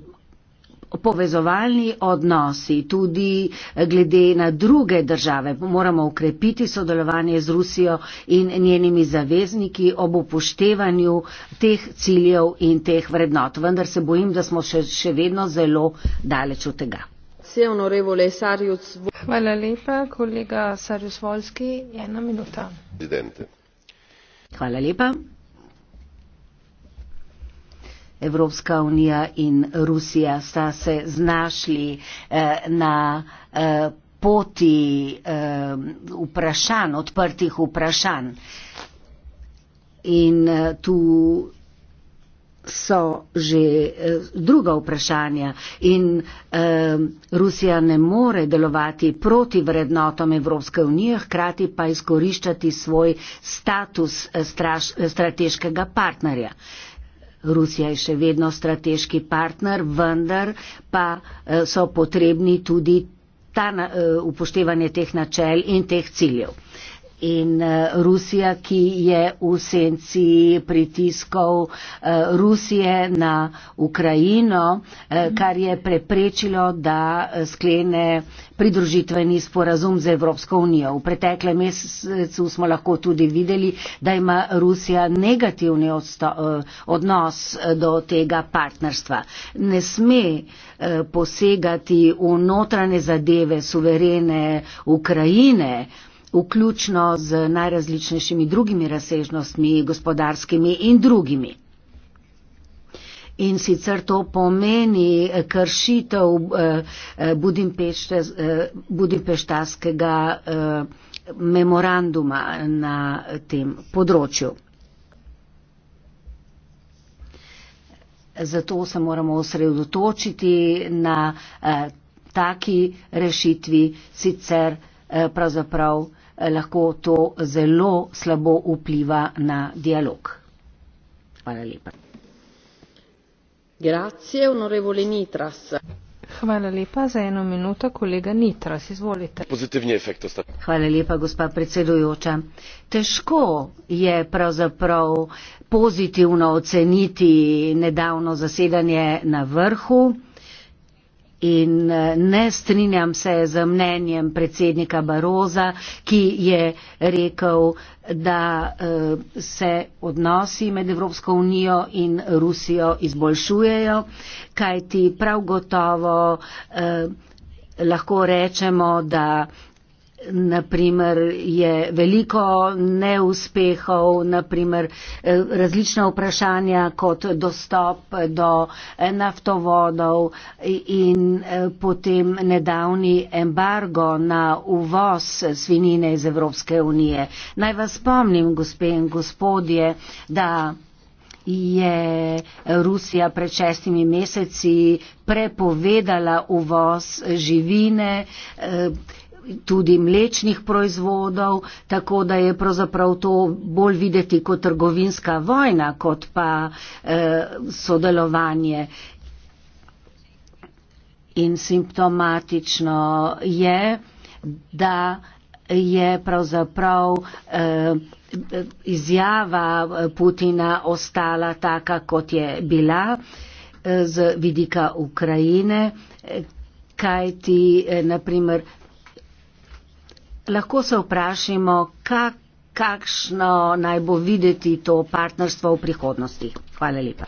Povezovalni odnosi tudi glede na druge države moramo ukrepiti sodelovanje z Rusijo in njenimi zavezniki ob upoštevanju teh ciljev in teh vrednot. Vendar se bojim, da smo še, še vedno zelo daleč od tega. Hvala lepa, kolega Sarjus Volski. Ena minuta. Hvala lepa. Evropska unija in Rusija sta se znašli eh, na eh, poti eh, vprašanj, odprtih vprašanj. In eh, tu so že eh, druga vprašanja in eh, Rusija ne more delovati proti vrednotom Evropske unije, hkrati pa izkoriščati svoj status eh, straš, eh, strateškega partnerja. Eh, Rusija je še vedno strateški partner, vendar pa eh, so potrebni tudi ta, eh, upoštevanje teh načel in teh ciljev in eh, Rusija, ki je v senci pritiskov eh, Rusije na Ukrajino, eh, kar je preprečilo, da sklene pridružitveni sporazum z Evropsko unijo. V preteklem mesecu smo lahko tudi videli, da ima Rusija negativni odnos do tega partnerstva. Ne sme posegati v notranje zadeve suverene Ukrajine, vključno z najrazličnejšimi drugimi razsežnostmi, gospodarskimi in drugimi. In sicer to pomeni eh, kršitev eh, eh, Budimpeštaskega memoranduma na tem področju. Zato se moramo osredotočiti na taki rešitvi, sicer. Eh, pravzaprav eh, lahko to zelo slabo vpliva na dialog. Hvala lepa. Grazie, onorevole Nitras. Hvala lepa za eno minuto, kolega Nitras, izvolite. Pozitivni efekt ostaja. Hvala lepa, gospa predsedujoča. Težko je pravzaprav pozitivno oceniti nedavno zasedanje na vrhu. In eh, ne strinjam se z mnenjem predsednika Baroza, ki je rekel, da eh, se odnosi med Evropsko unijo in Rusijo izboljšujejo, kajti prav gotovo eh, lahko rečemo, da eh, naprimer je veliko neuspehov, naprimer eh, različna vprašanja kot dostop do eh, naftovodov eh, in potem nedavni embargo na uvoz svinine iz Evropske unije. Naj vas spomnim, gospe in gospodje, da je Rusija pred šestimi meseci prepovedala uvoz živine. Eh, tudi mlečnih proizvodov, tako da je pravzaprav to bolj videti kot trgovinska vojna, kot pa eh, sodelovanje. In simptomatično je, da je pravzaprav eh, izjava Putina ostala taka, kot je bila eh, z vidika Ukrajine, kajti, eh, naprimer, Lahko se vprašamo, kak, kakšno naj bo videti to partnerstvo v prihodnosti. Hvala lepa.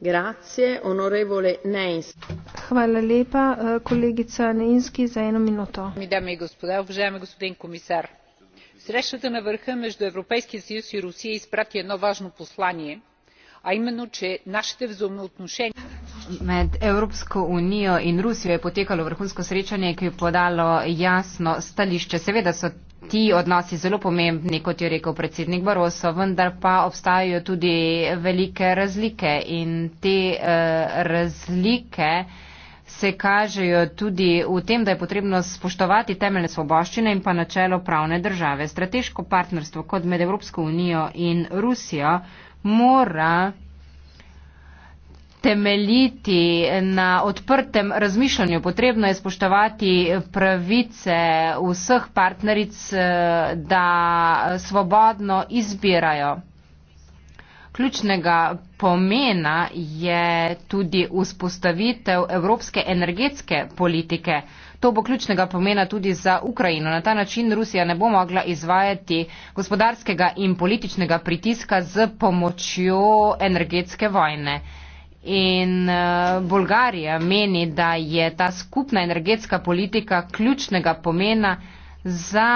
Grazie, onorevole Neins. Hvala lepa, eh, kolegica Neinski, za eno minuto. Mi dame gospoda, obžajame gospodin komisar. Срещата на върха между Европейския съюз и Русия изпрати едно важно послание, а именно, че нашите взаимоотношения. Med Evropsko unijo in Rusijo je potekalo vrhunsko srečanje, ki je podalo jasno stališče. Seveda so ti odnosi zelo pomembni, kot je rekel predsednik Baroso, vendar pa obstajajo tudi velike razlike in te eh, razlike se kažejo tudi v tem, da je potrebno spoštovati temeljne svoboščine in pa načelo pravne države. Strateško partnerstvo kot med Evropsko unijo in Rusijo mora temeljiti na odprtem razmišljanju. Potrebno je spoštovati pravice vseh partneric, eh, da svobodno izbirajo. Ključnega pomena je tudi vzpostavitev evropske energetske politike. To bo ključnega pomena tudi za Ukrajino. Na ta način Rusija ne bo mogla izvajati gospodarskega in političnega pritiska z pomočjo energetske vojne. In uh, Bolgarija meni, da je ta skupna energetska politika ključnega pomena za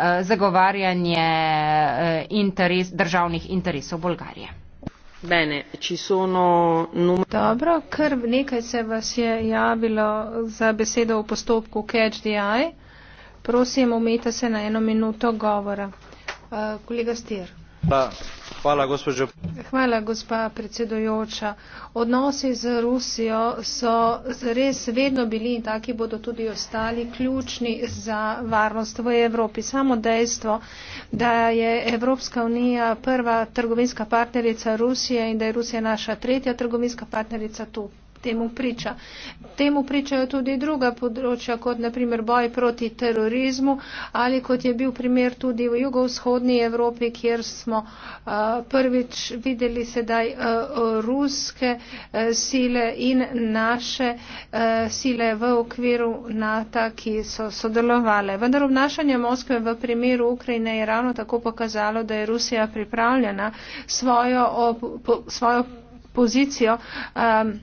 uh, zagovarjanje uh, interes, državnih interesov Bolgarije. Bene, ci sono num- Dobro, ker nekaj se vas je javilo za besedo v postopku Catch the Eye. Prosim, omete se na eno minuto govora. Uh, kolega Stier. Da. Hvala, gospa predsedujoča. Odnosi z Rusijo so res vedno bili in taki bodo tudi ostali ključni za varnost v Evropi. Samo dejstvo, da je Evropska unija prva trgovinska partnerica Rusije in da je Rusija naša tretja trgovinska partnerica, to temu priča. Temu pričajo tudi druga področja, kot naprimer boj proti terorizmu ali kot je bil primer tudi v jugovzhodni Evropi, kjer smo uh, prvič videli sedaj uh, ruske uh, sile in naše uh, sile v okviru NATO, ki so sodelovale. Vendar obnašanje Moskve v primeru Ukrajine je ravno tako pokazalo, da je Rusija pripravljena svojo, ob, po, svojo pozicijo. Um,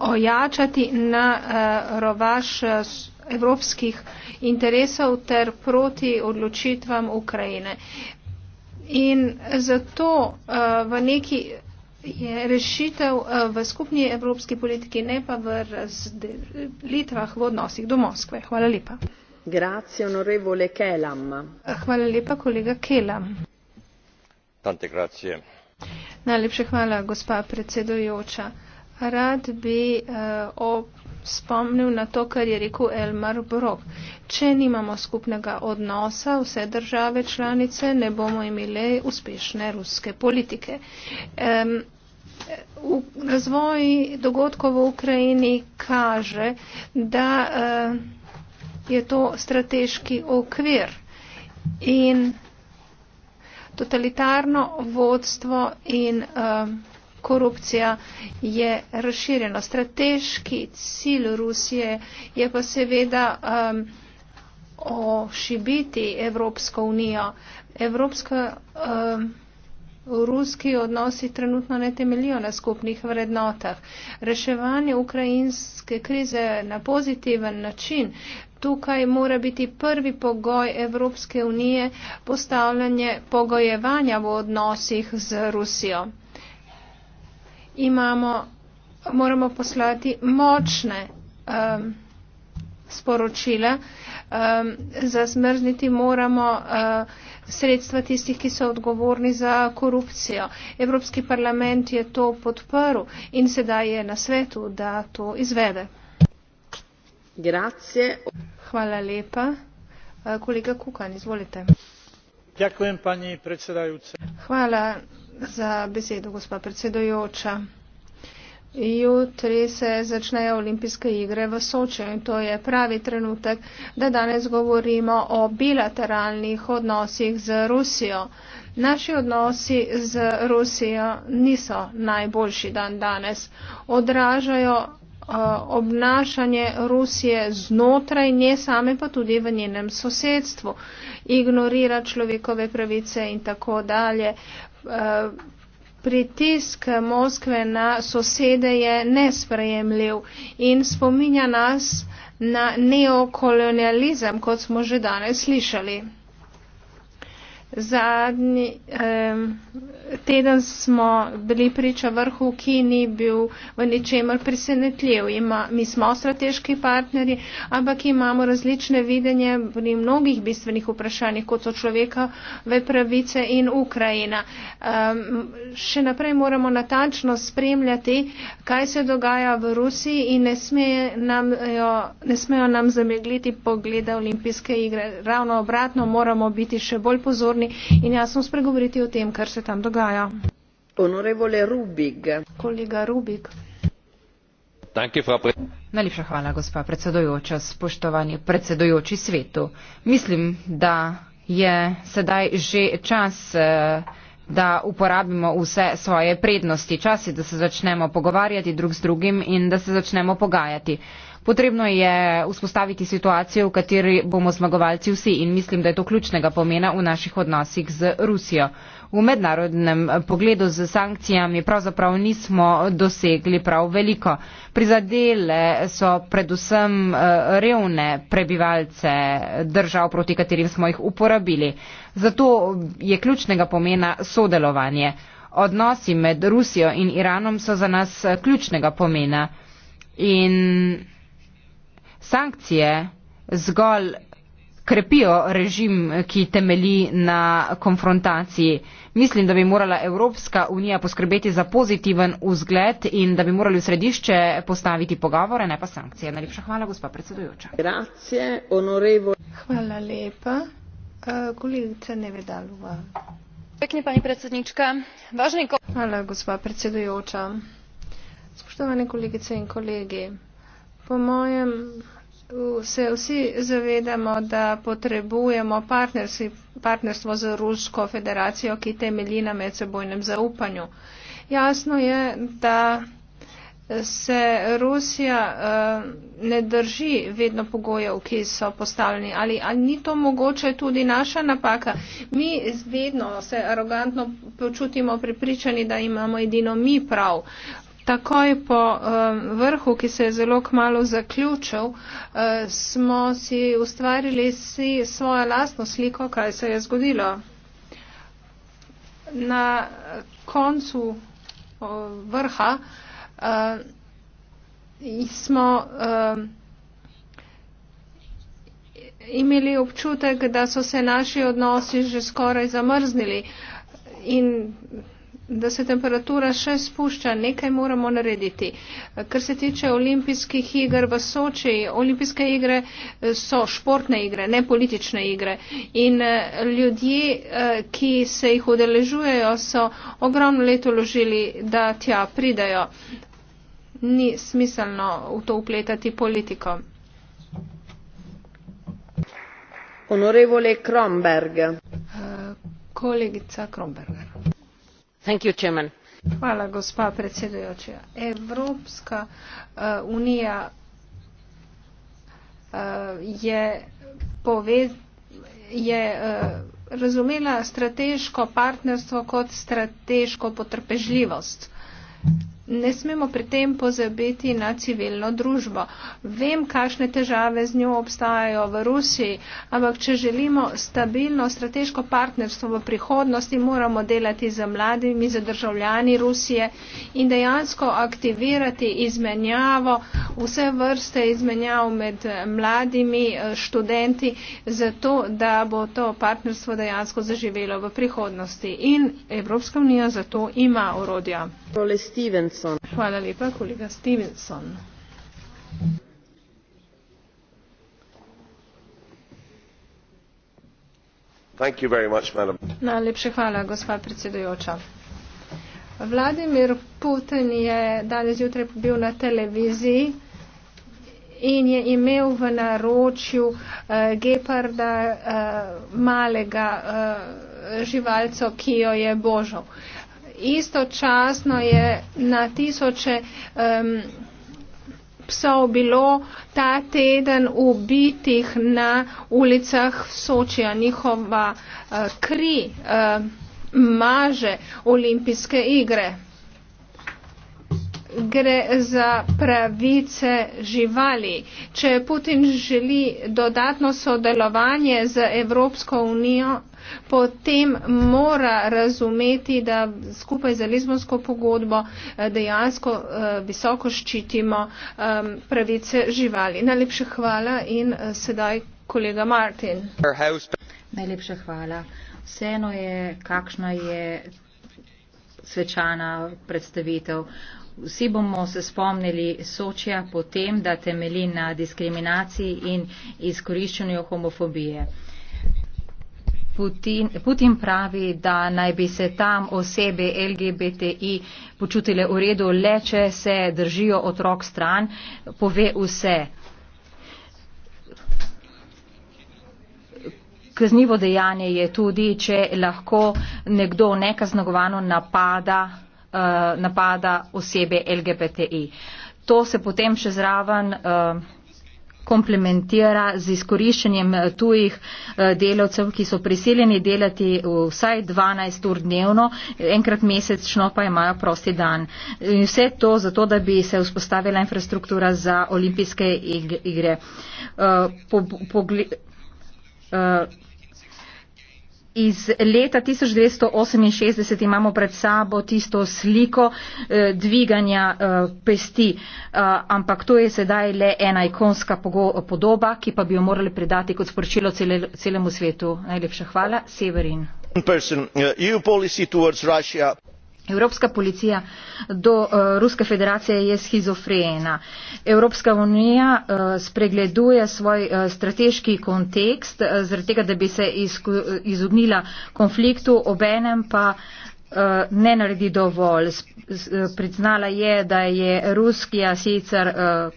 ojačati na eh, rovaš eh, evropskih interesov ter proti odločitvam Ukrajine. In zato eh, v neki je rešitev v skupni evropski politiki, ne pa v razdelitvah v odnosih do Moskve. Hvala lepa. Grazie, onorevole Kelam. Hvala lepa, kolega Kelam. Tante grazie. Najlepše hvala, gospa predsedujoča. Rad bi uh, spomnil na to, kar je rekel Elmar Brok. Če nimamo skupnega odnosa, vse države članice ne bomo imeli uspešne ruske politike. Um, v razvoji dogodkov v Ukrajini kaže, da uh, je to strateški okvir in totalitarno vodstvo in. Uh, korupcija je razširjena. Strateški cilj Rusije je pa seveda um, ošibiti Evropsko unijo. Evropska, um, Ruski odnosi trenutno ne temelijo na skupnih vrednotah. Reševanje ukrajinske krize na pozitiven način, tukaj mora biti prvi pogoj Evropske unije postavljanje pogojevanja v odnosih z Rusijo imamo, moramo poslati močne um, sporočila. Um, zazmrzniti moramo uh, sredstva tistih, ki so odgovorni za korupcijo. Evropski parlament je to podprl in sedaj je na svetu, da to izvede. Grazie. Hvala lepa. Uh, kolega Kukan, izvolite. Hvala za besedo, gospa predsedojoča. Jutri se začnejo olimpijske igre v Sočeju in to je pravi trenutek, da danes govorimo o bilateralnih odnosih z Rusijo. Naši odnosi z Rusijo niso najboljši dan danes. Odražajo eh, obnašanje Rusije znotraj nje same, pa tudi v njenem sosedstvu. Ignorira človekove pravice in tako dalje. Eh, pritisk Moskve na sosede je nesprejemljiv in spominja nas na neokolonializem, kot smo že danes slišali. Zadnji um, teden smo bili priča vrhu, ki ni bil v ničemer presenetljiv. Ima, mi smo strateški partnerji, ampak imamo različne videnje v mnogih bistvenih vprašanjih, kot so človekove pravice in Ukrajina. Um, še naprej moramo natančno spremljati, kaj se dogaja v Rusiji in ne, sme nam, jo, ne smejo nam zamegliti pogleda olimpijske igre. Ravno obratno moramo biti še bolj pozorni sposobni in jasno spregovoriti o tem, kar se tam dogaja. Najlepša hvala, gospa predsedujoča, spoštovani predsedujoči svetu. Mislim, da je sedaj že čas, eh, da uporabimo vse svoje prednosti. Čas je, da se začnemo pogovarjati drug z drugim in da se začnemo pogajati. Potrebno je vzpostaviti situacijo, v kateri bomo zmagovalci vsi in mislim, da je to ključnega pomena v naših odnosih z Rusijo. V mednarodnem pogledu z sankcijami pravzaprav nismo dosegli prav veliko. Prizadele so predvsem eh, revne prebivalce držav, proti katerim smo jih uporabili. Zato je ključnega pomena sodelovanje. Odnosi med Rusijo in Iranom so za nas eh, ključnega pomena. In sankcije zgolj krepijo režim, ki temelji na konfrontaciji. Mislim, da bi morala Evropska unija poskrbeti za pozitiven vzgled in da bi morali v središče postaviti pogovore, ne pa sankcije. Najlepša hvala, gospa predsedujoča. Gracije, onorevo... Hvala lepa. Eh, kolegica Nevedalova. Pekni pani predsednička. Važni ko... Hvala, gospa predsedujoča. Spoštovane kolegice in kolegi, po mojem se vsi zavedamo, da potrebujemo partnerstvo z Rusko federacijo, ki temelji na medsebojnem zaupanju. Jasno je, da se Rusija eh, ne drži vedno pogojev, ki so postavljeni. Ali, ali ni to mogoče tudi naša napaka? Mi vedno se arogantno počutimo pripričani, da imamo edino mi prav takoj po uh, vrhu, ki se je zelo kmalo zaključil, uh, smo si ustvarili si svojo lastno sliko, kaj se je zgodilo. Na koncu uh, vrha uh, smo uh, imeli občutek, da so se naši odnosi že skoraj zamrznili. In, da se temperatura še spušča, nekaj moramo narediti. Kar se tiče olimpijskih igr v Soči, olimpijske igre eh, so športne igre, ne politične igre. In eh, ljudje, eh, ki se jih udeležujejo, so ogromno leto ložili, da tja pridajo. Ni smiselno v to upletati politiko. Honorevole Kromberg. Kolegica Kromberger evropska eh, unija eh, je je eh, razumela strateško partnerstvo kot strateško potrpežljivost ne smemo pri tem pozabiti na civilno družbo. Vem, kakšne težave z njo obstajajo v Rusiji, ampak če želimo stabilno strateško partnerstvo v prihodnosti, moramo delati z mladimi, z državljani Rusije in dejansko aktivirati izmenjavo, vse vrste izmenjav med eh, mladimi eh, študenti, zato da bo to partnerstvo dejansko zaživelo v prihodnosti. In Evropska unija za to ima orodja. Role Stevens, Stevenson. Hvala lepa, kolega Stevenson. Thank you very much, madam. Najlepše hvala, gospa predsedujoča. Vladimir Putin je danes jutraj bil na televiziji in je imel v naročju uh, geparda uh, malega uh, živalco, ki jo je božal. Uh, istočasno je na tisoče um, psov bilo ta teden ubitih na ulicah Sočija. Njihova uh, kri uh, maže olimpijske igre. Gre za pravice živali. Če Putin želi dodatno sodelovanje z Evropsko unijo, potem mora razumeti, da skupaj za Lizbonsko pogodbo eh, dejansko eh, visoko ščitimo pravice živali. Najlepše hvala in eh, sedaj kolega Martin. Najlepše hvala. Vseeno je, kakšna je svečana predstavitev. Vsi bomo se spomnili Sočja potem, da temeli na diskriminaciji in izkoriščanju homofobije. Putin, Putin pravi, da naj bi se tam osebe LGBTI počutile v redu, le če se držijo otrok stran, pove vse. Kaznivo dejanje je tudi, če lahko nekdo nekaznagovano napada, eh, napada osebe LGBTI. To se potem še zraven. Eh, komplementira z izkoriščenjem eh, tujih eh, delavcev, ki so prisiljeni delati vsaj 12 ur dnevno, enkrat mesečno pa imajo prosti dan. In vse to zato, da bi se vzpostavila infrastruktura za olimpijske igre. Uh, po, po, uh, Iz leta 1968 imamo pred sabo tisto sliko eh, dviganja eh, pesti, eh, ampak to je sedaj le ena ikonska podoba, ki pa bi jo morali predati kot sporočilo cele, celemu svetu. Najlepša hvala. Severin. Person, uh, Evropska policija do uh, Ruske federacije je schizofrena. Evropska unija uh, spregleduje svoj uh, strateški kontekst, uh, zaradi tega, da bi se izognila konfliktu, obenem pa uh, Eh, ne naredi dovolj. Priznala je, da je Ruskija sicer eh,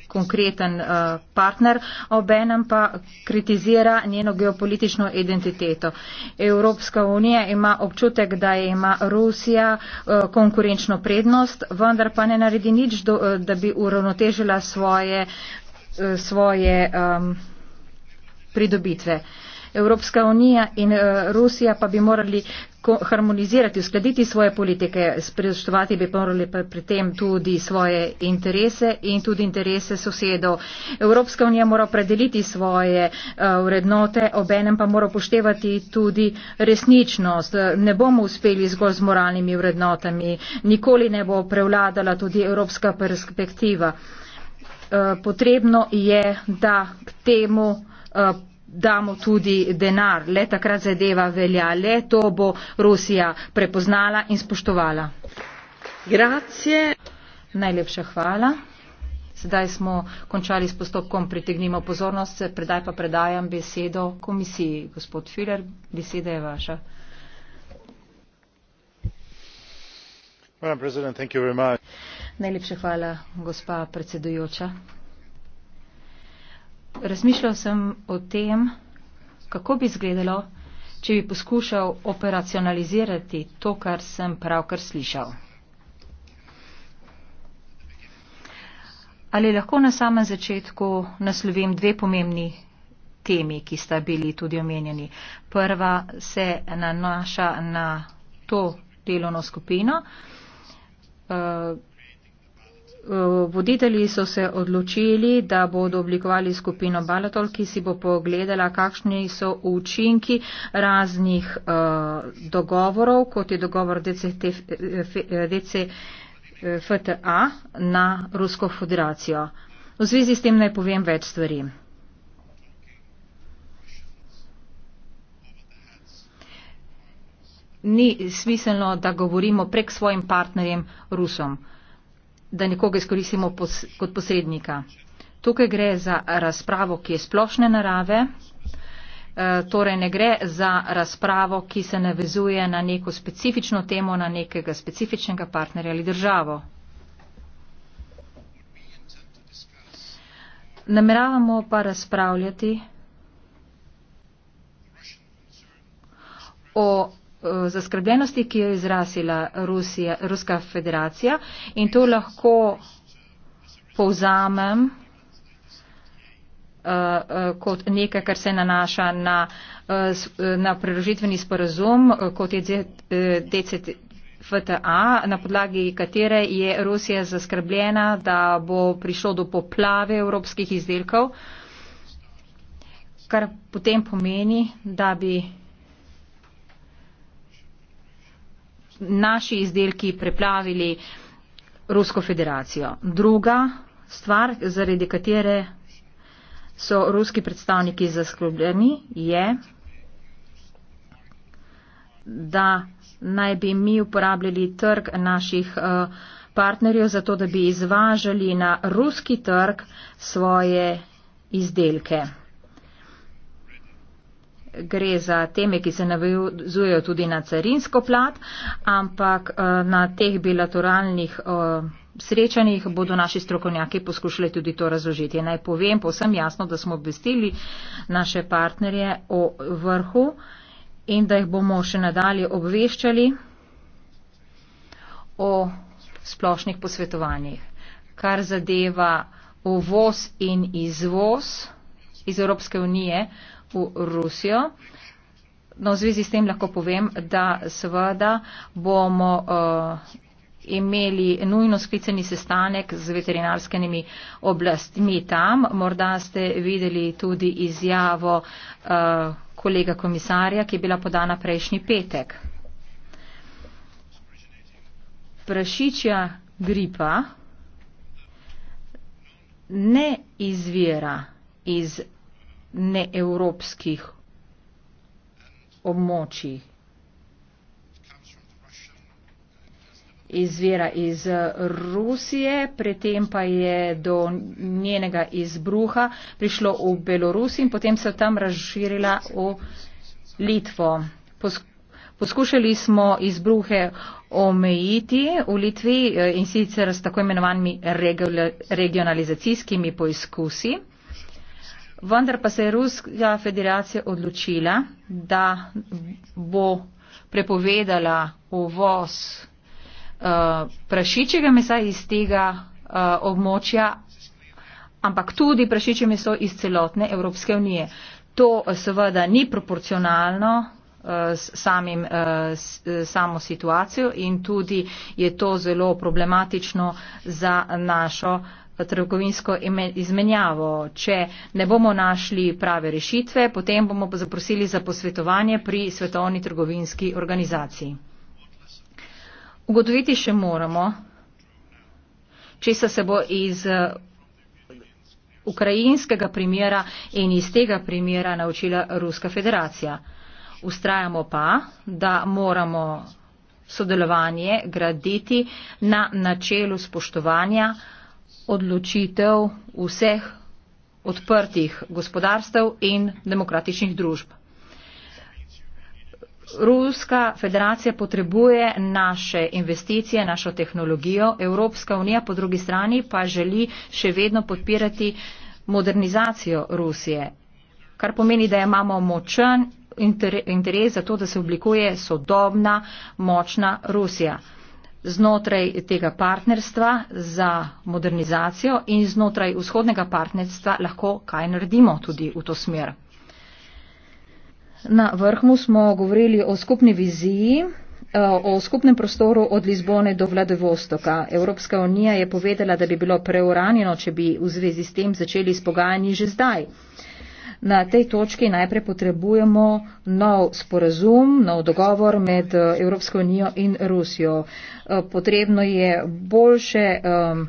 konkreten eh, partner, obenem pa kritizira njeno geopolitično identiteto. Evropska unija ima občutek, da ima Rusija konkurenčno prednost, vendar pa ne naredi nič, da bi uravnotežila svoje, svoje pridobitve. Evropska unija in uh, Rusija pa bi morali harmonizirati, uskladiti svoje politike, spreštovati bi morali pa pri tem tudi svoje interese in tudi interese sosedov. Evropska unija mora predeliti svoje uh, vrednote, obenem pa mora poštevati tudi resničnost. Ne bomo uspeli zgolj z moralnimi vrednotami, nikoli ne bo prevladala tudi evropska perspektiva. Uh, potrebno je, da k temu uh, damo tudi denar. Le takrat zadeva velja, le to bo Rusija prepoznala in spoštovala. Grazie. Najlepša hvala. Sedaj smo končali s postopkom, pritegnimo pozornost, predaj pa predajam besedo komisiji. Gospod Filer, beseda je vaša. Najlepša hvala, gospa predsedujoča. Razmišljal sem o tem, kako bi izgledalo, če bi poskušal operacionalizirati to, kar sem pravkar slišal. Ali lahko na samem začetku naslovim dve pomembni temi, ki sta bili tudi omenjeni. Prva se nanaša na to delovno skupino, eh, Voditelji so se odločili, da bodo oblikovali skupino Balatol, ki si bo pogledala, kakšni so učinki raznih uh, dogovorov, kot je dogovor DCFTA eh, DC na Rusko federacijo. V zvezi s tem naj povem več stvari. Ni smiselno, da govorimo prek svojim partnerjem Rusom da nekoga izkoristimo pos, kot posrednika. Tukaj gre za razpravo, ki je splošne narave, e, torej ne gre za razpravo, ki se navezuje na neko specifično temo, na nekega specifičnega partnerja ali državo. Nameravamo pa razpravljati o Eh, zaskrbljenosti, ki jo je izrasila Rusija, Ruska federacija in to lahko povzamem eh, eh, kot nekaj, kar se nanaša na, na preložitveni sporazum, kot je DCFTA, na podlagi katere je Rusija zaskrbljena, da bo prišlo do poplave evropskih izdelkov, kar potem pomeni, da bi naši izdelki preplavili Rusko federacijo. Druga stvar, zaradi katere so ruski predstavniki zaskrbljeni, je, da naj bi mi uporabljali trg naših eh, partnerjev za to, da bi izvažali na ruski trg svoje izdelke gre za teme, ki se navezujejo tudi na carinsko plat, ampak eh, na teh bilateralnih eh, srečanjih bodo naši strokovnjaki poskušali tudi to razložiti. Naj povem povsem jasno, da smo obvestili naše partnerje o vrhu in da jih bomo še nadalje obveščali o splošnih posvetovanjih, kar zadeva uvoz in izvoz iz Evropske unije v Rusijo. No, v zvezi s tem lahko povem, da seveda bomo uh, imeli nujno sklicani sestanek z veterinarskimi oblastmi tam. Morda ste videli tudi izjavo uh, kolega komisarja, ki je bila podana prejšnji petek. Prašičja gripa ne izvira iz neevropskih območij. Izvira iz Rusije, predtem pa je do njenega izbruha prišlo v Belorusi in potem se tam razširila v Litvo. Poskušali smo izbruhe omejiti v Litvi eh, in sicer s tako imenovanimi regionalizacijskimi poizkusi. Vendar pa se je Ruska federacija odločila, da bo prepovedala uvoz uh, eh, prašičega mesa iz tega uh, območja, ampak tudi prašiče meso iz celotne Evropske unije. To eh, seveda ni proporcionalno s samim, s samo situacijo in tudi je to zelo problematično za našo uh, trgovinsko izmenjavo. Če ne bomo našli prave rešitve, potem bomo zaprosili za posvetovanje pri Svetovni trgovinski organizaciji. Ugotoviti še moramo, če se bo iz eh, ukrajinskega primjera in iz tega primjera naučila Ruska federacija. Ustrajamo pa, da moramo sodelovanje graditi na načelu spoštovanja, odločitev vseh odprtih gospodarstev in demokratičnih družb. Ruska federacija potrebuje naše investicije, našo tehnologijo, Evropska unija po drugi strani pa želi še vedno podpirati modernizacijo Rusije, kar pomeni, da imamo močen interes za to, da se oblikuje sodobna, močna Rusija znotraj tega partnerstva za modernizacijo in znotraj vzhodnega partnerstva lahko kaj naredimo tudi v to smer. Na vrhu smo govorili o skupni viziji, eh, o skupnem prostoru od Lizbone do Vladivostoka. Evropska unija je povedala, da bi bilo preuranjeno, če bi v zvezi s tem začeli izpogajanje že zdaj na tej točki najprej potrebujemo nov sporazum, nov dogovor med eh, Evropsko unijo in Rusijo. Eh, potrebno je boljše ehm,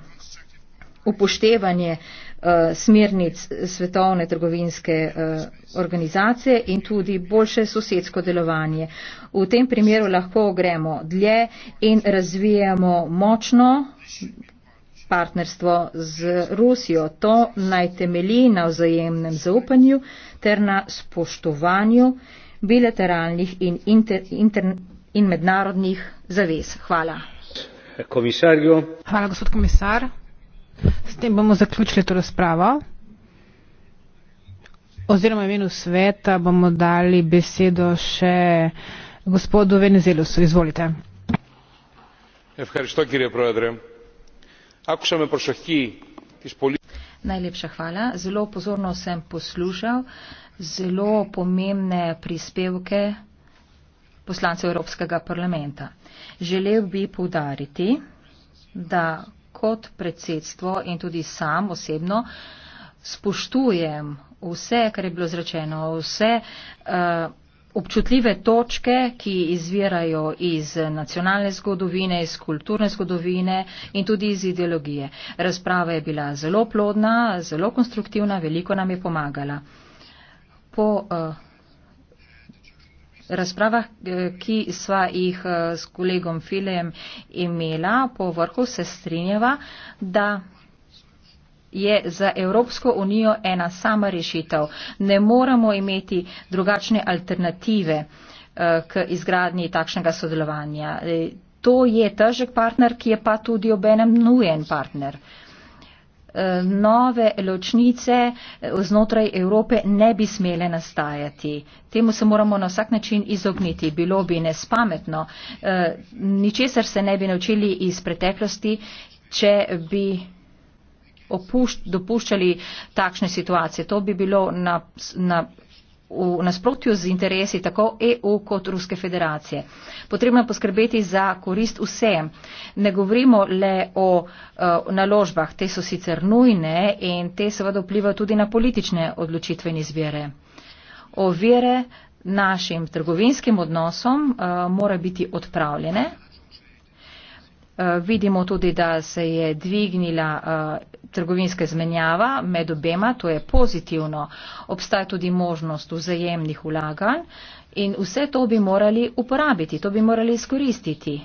upoštevanje eh, smernic svetovne trgovinske organizacije in tudi boljše sosedsko delovanje. V tem primeru lahko gremo dlje in razvijamo močno partnerstvo z Rusijo. To naj temelji na vzajemnem zaupanju ter na spoštovanju bilateralnih in, inter, inter, in mednarodnih zavez. Hvala. Komisarju. Hvala, gospod komisar. S tem bomo zaključili to razpravo. Oziroma v imenu sveta bomo dali besedo še gospodu Venezelosu. Izvolite. Ja, kar što, kjer je pravi, da je. Najlepša hvala. Zelo pozorno sem poslušal zelo pomembne prispevke poslancev Evropskega parlamenta. Želel bi povdariti, da kot predsedstvo in tudi sam osebno spoštujem vse, kar je bilo zrečeno, vse. Uh, občutljive točke, ki izvirajo iz nacionalne zgodovine, iz kulturne zgodovine in tudi iz ideologije. Razprava je bila zelo plodna, zelo konstruktivna, veliko nam je pomagala. Po uh, razpravah, eh, ki sva jih uh, s kolegom Filem imela, po vrhu se strinjava, da je za Evropsko unijo ena sama rešitev. Ne moramo imeti drugačne alternative eh, k izgradnji takšnega sodelovanja. Eh, to je težek partner, ki je pa tudi obenem nujen partner. Eh, nove ločnice znotraj Evrope ne bi smele nastajati. Temu se moramo na vsak način izogniti. Bilo bi nespametno. Ničesar se ne bi naučili iz preteklosti, če bi opušč, dopuščali takšne situacije. To bi bilo na, na, v nasprotju z interesi tako EU kot Ruske federacije. Potrebno je poskrbeti za korist vsem. Ne govorimo le o uh, naložbah, te so sicer nujne in te seveda vplivajo tudi na politične odločitve in izvire. Ovire našim trgovinskim odnosom uh, eh, mora biti odpravljene. Eh, vidimo tudi, da se je dvignila eh, trgovinska izmenjava med obema, to je pozitivno. Obstaja tudi možnost vzajemnih vlaganj in vse to bi morali uporabiti, to bi morali izkoristiti.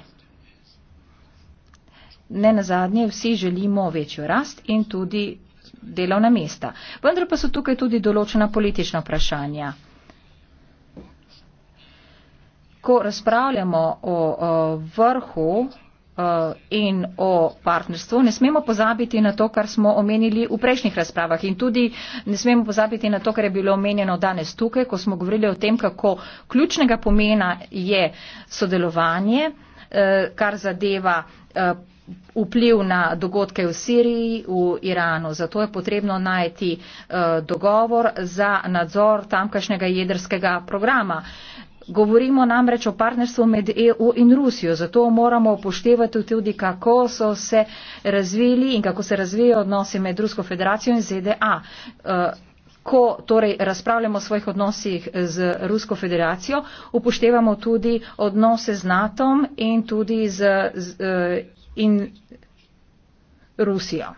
Ne na zadnje, vsi želimo večjo rast in tudi delovna mesta. Vendar pa so tukaj tudi določena politična vprašanja. Ko razpravljamo o, o vrhu, Eh, in o partnerstvu. Ne smemo pozabiti na to, kar smo omenili v prejšnjih razpravah in tudi ne smemo pozabiti na to, kar je bilo omenjeno danes tukaj, ko smo govorili o tem, kako ključnega pomena je sodelovanje, eh, kar zadeva eh, vpliv na dogodke v Siriji, v Iranu. Zato je potrebno najti dogovor za nadzor tamkajšnjega jedrskega programa. Govorimo namreč o partnerstvu med EU in Rusijo, zato moramo upoštevati tudi, kako so se razvili in kako se razvijajo odnosi med Rusko federacijo in ZDA. E, ko torej razpravljamo o svojih odnosih z Rusko federacijo, upoštevamo tudi odnose z NATO in tudi z, z e, in Rusijo.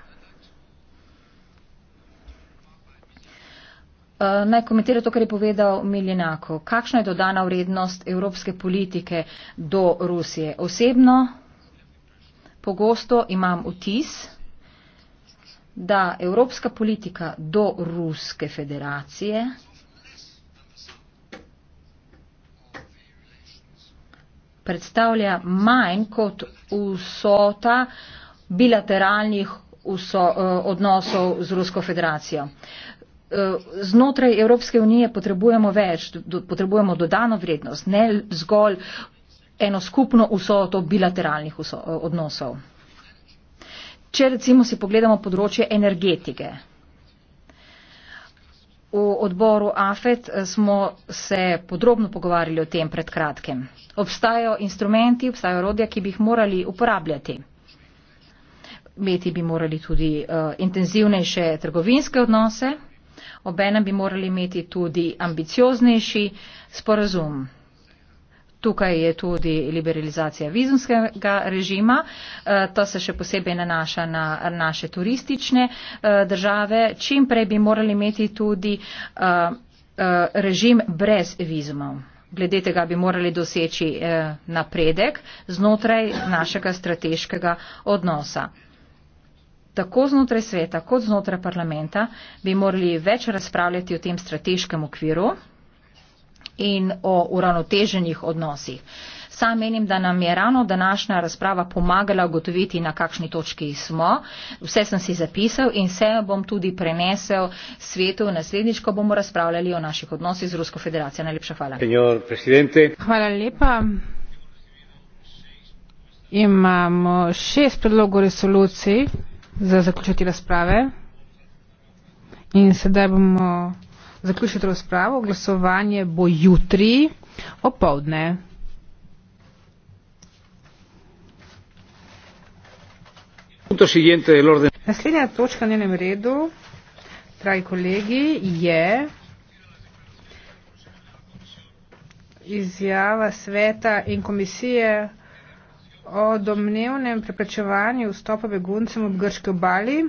Eh, naj komentira to, kar je povedal Miljenako. Kakšna je dodana vrednost evropske politike do Rusije? Osebno pogosto imam vtis, da evropska politika do Ruske federacije predstavlja manj kot vsota bilateralnih vso, uh, odnosov z Rusko federacijo. Uh, Eh, znotraj Evropske unije potrebujemo več, do, potrebujemo dodano vrednost, ne zgolj eno skupno vsoto bilateralnih vso, eh, odnosov. Če recimo si pogledamo področje energetike. V odboru AFET eh, smo se podrobno pogovarjali o tem pred kratkem. Obstajajo instrumenti, obstajajo orodja, ki bi jih morali uporabljati. Meti bi morali tudi uh, intenzivnejše trgovinske odnose obenem bi morali imeti tudi ambicioznejši sporazum. Tukaj je tudi liberalizacija vizumskega režima. Eh, to se še posebej nanaša na naše turistične eh, države. Čim prej bi morali imeti tudi eh, režim brez vizumov. Glede tega bi morali doseči napredek znotraj našega strateškega odnosa tako znotraj sveta kot znotraj parlamenta, bi morali več razpravljati o tem strateškem okviru in o uravnoteženih odnosih. Sam menim, da nam je ravno današnja razprava pomagala ugotoviti, na kakšni točki smo. Vse sem si zapisal in vse bom tudi prenesel svetu. Naslednjič, ko bomo razpravljali o naših odnosih z Rusko federacijo. Najlepša hvala. Hvala lepa. Imamo šest predlogov resolucij za zaključiti razprave. In sedaj bomo zaključiti razpravo. Glasovanje bo jutri opovdne. Naslednja točka na enem redu, dragi kolegi, je izjava sveta in komisije o domnevnem preprečevanju vstopa beguncem ob grški obali.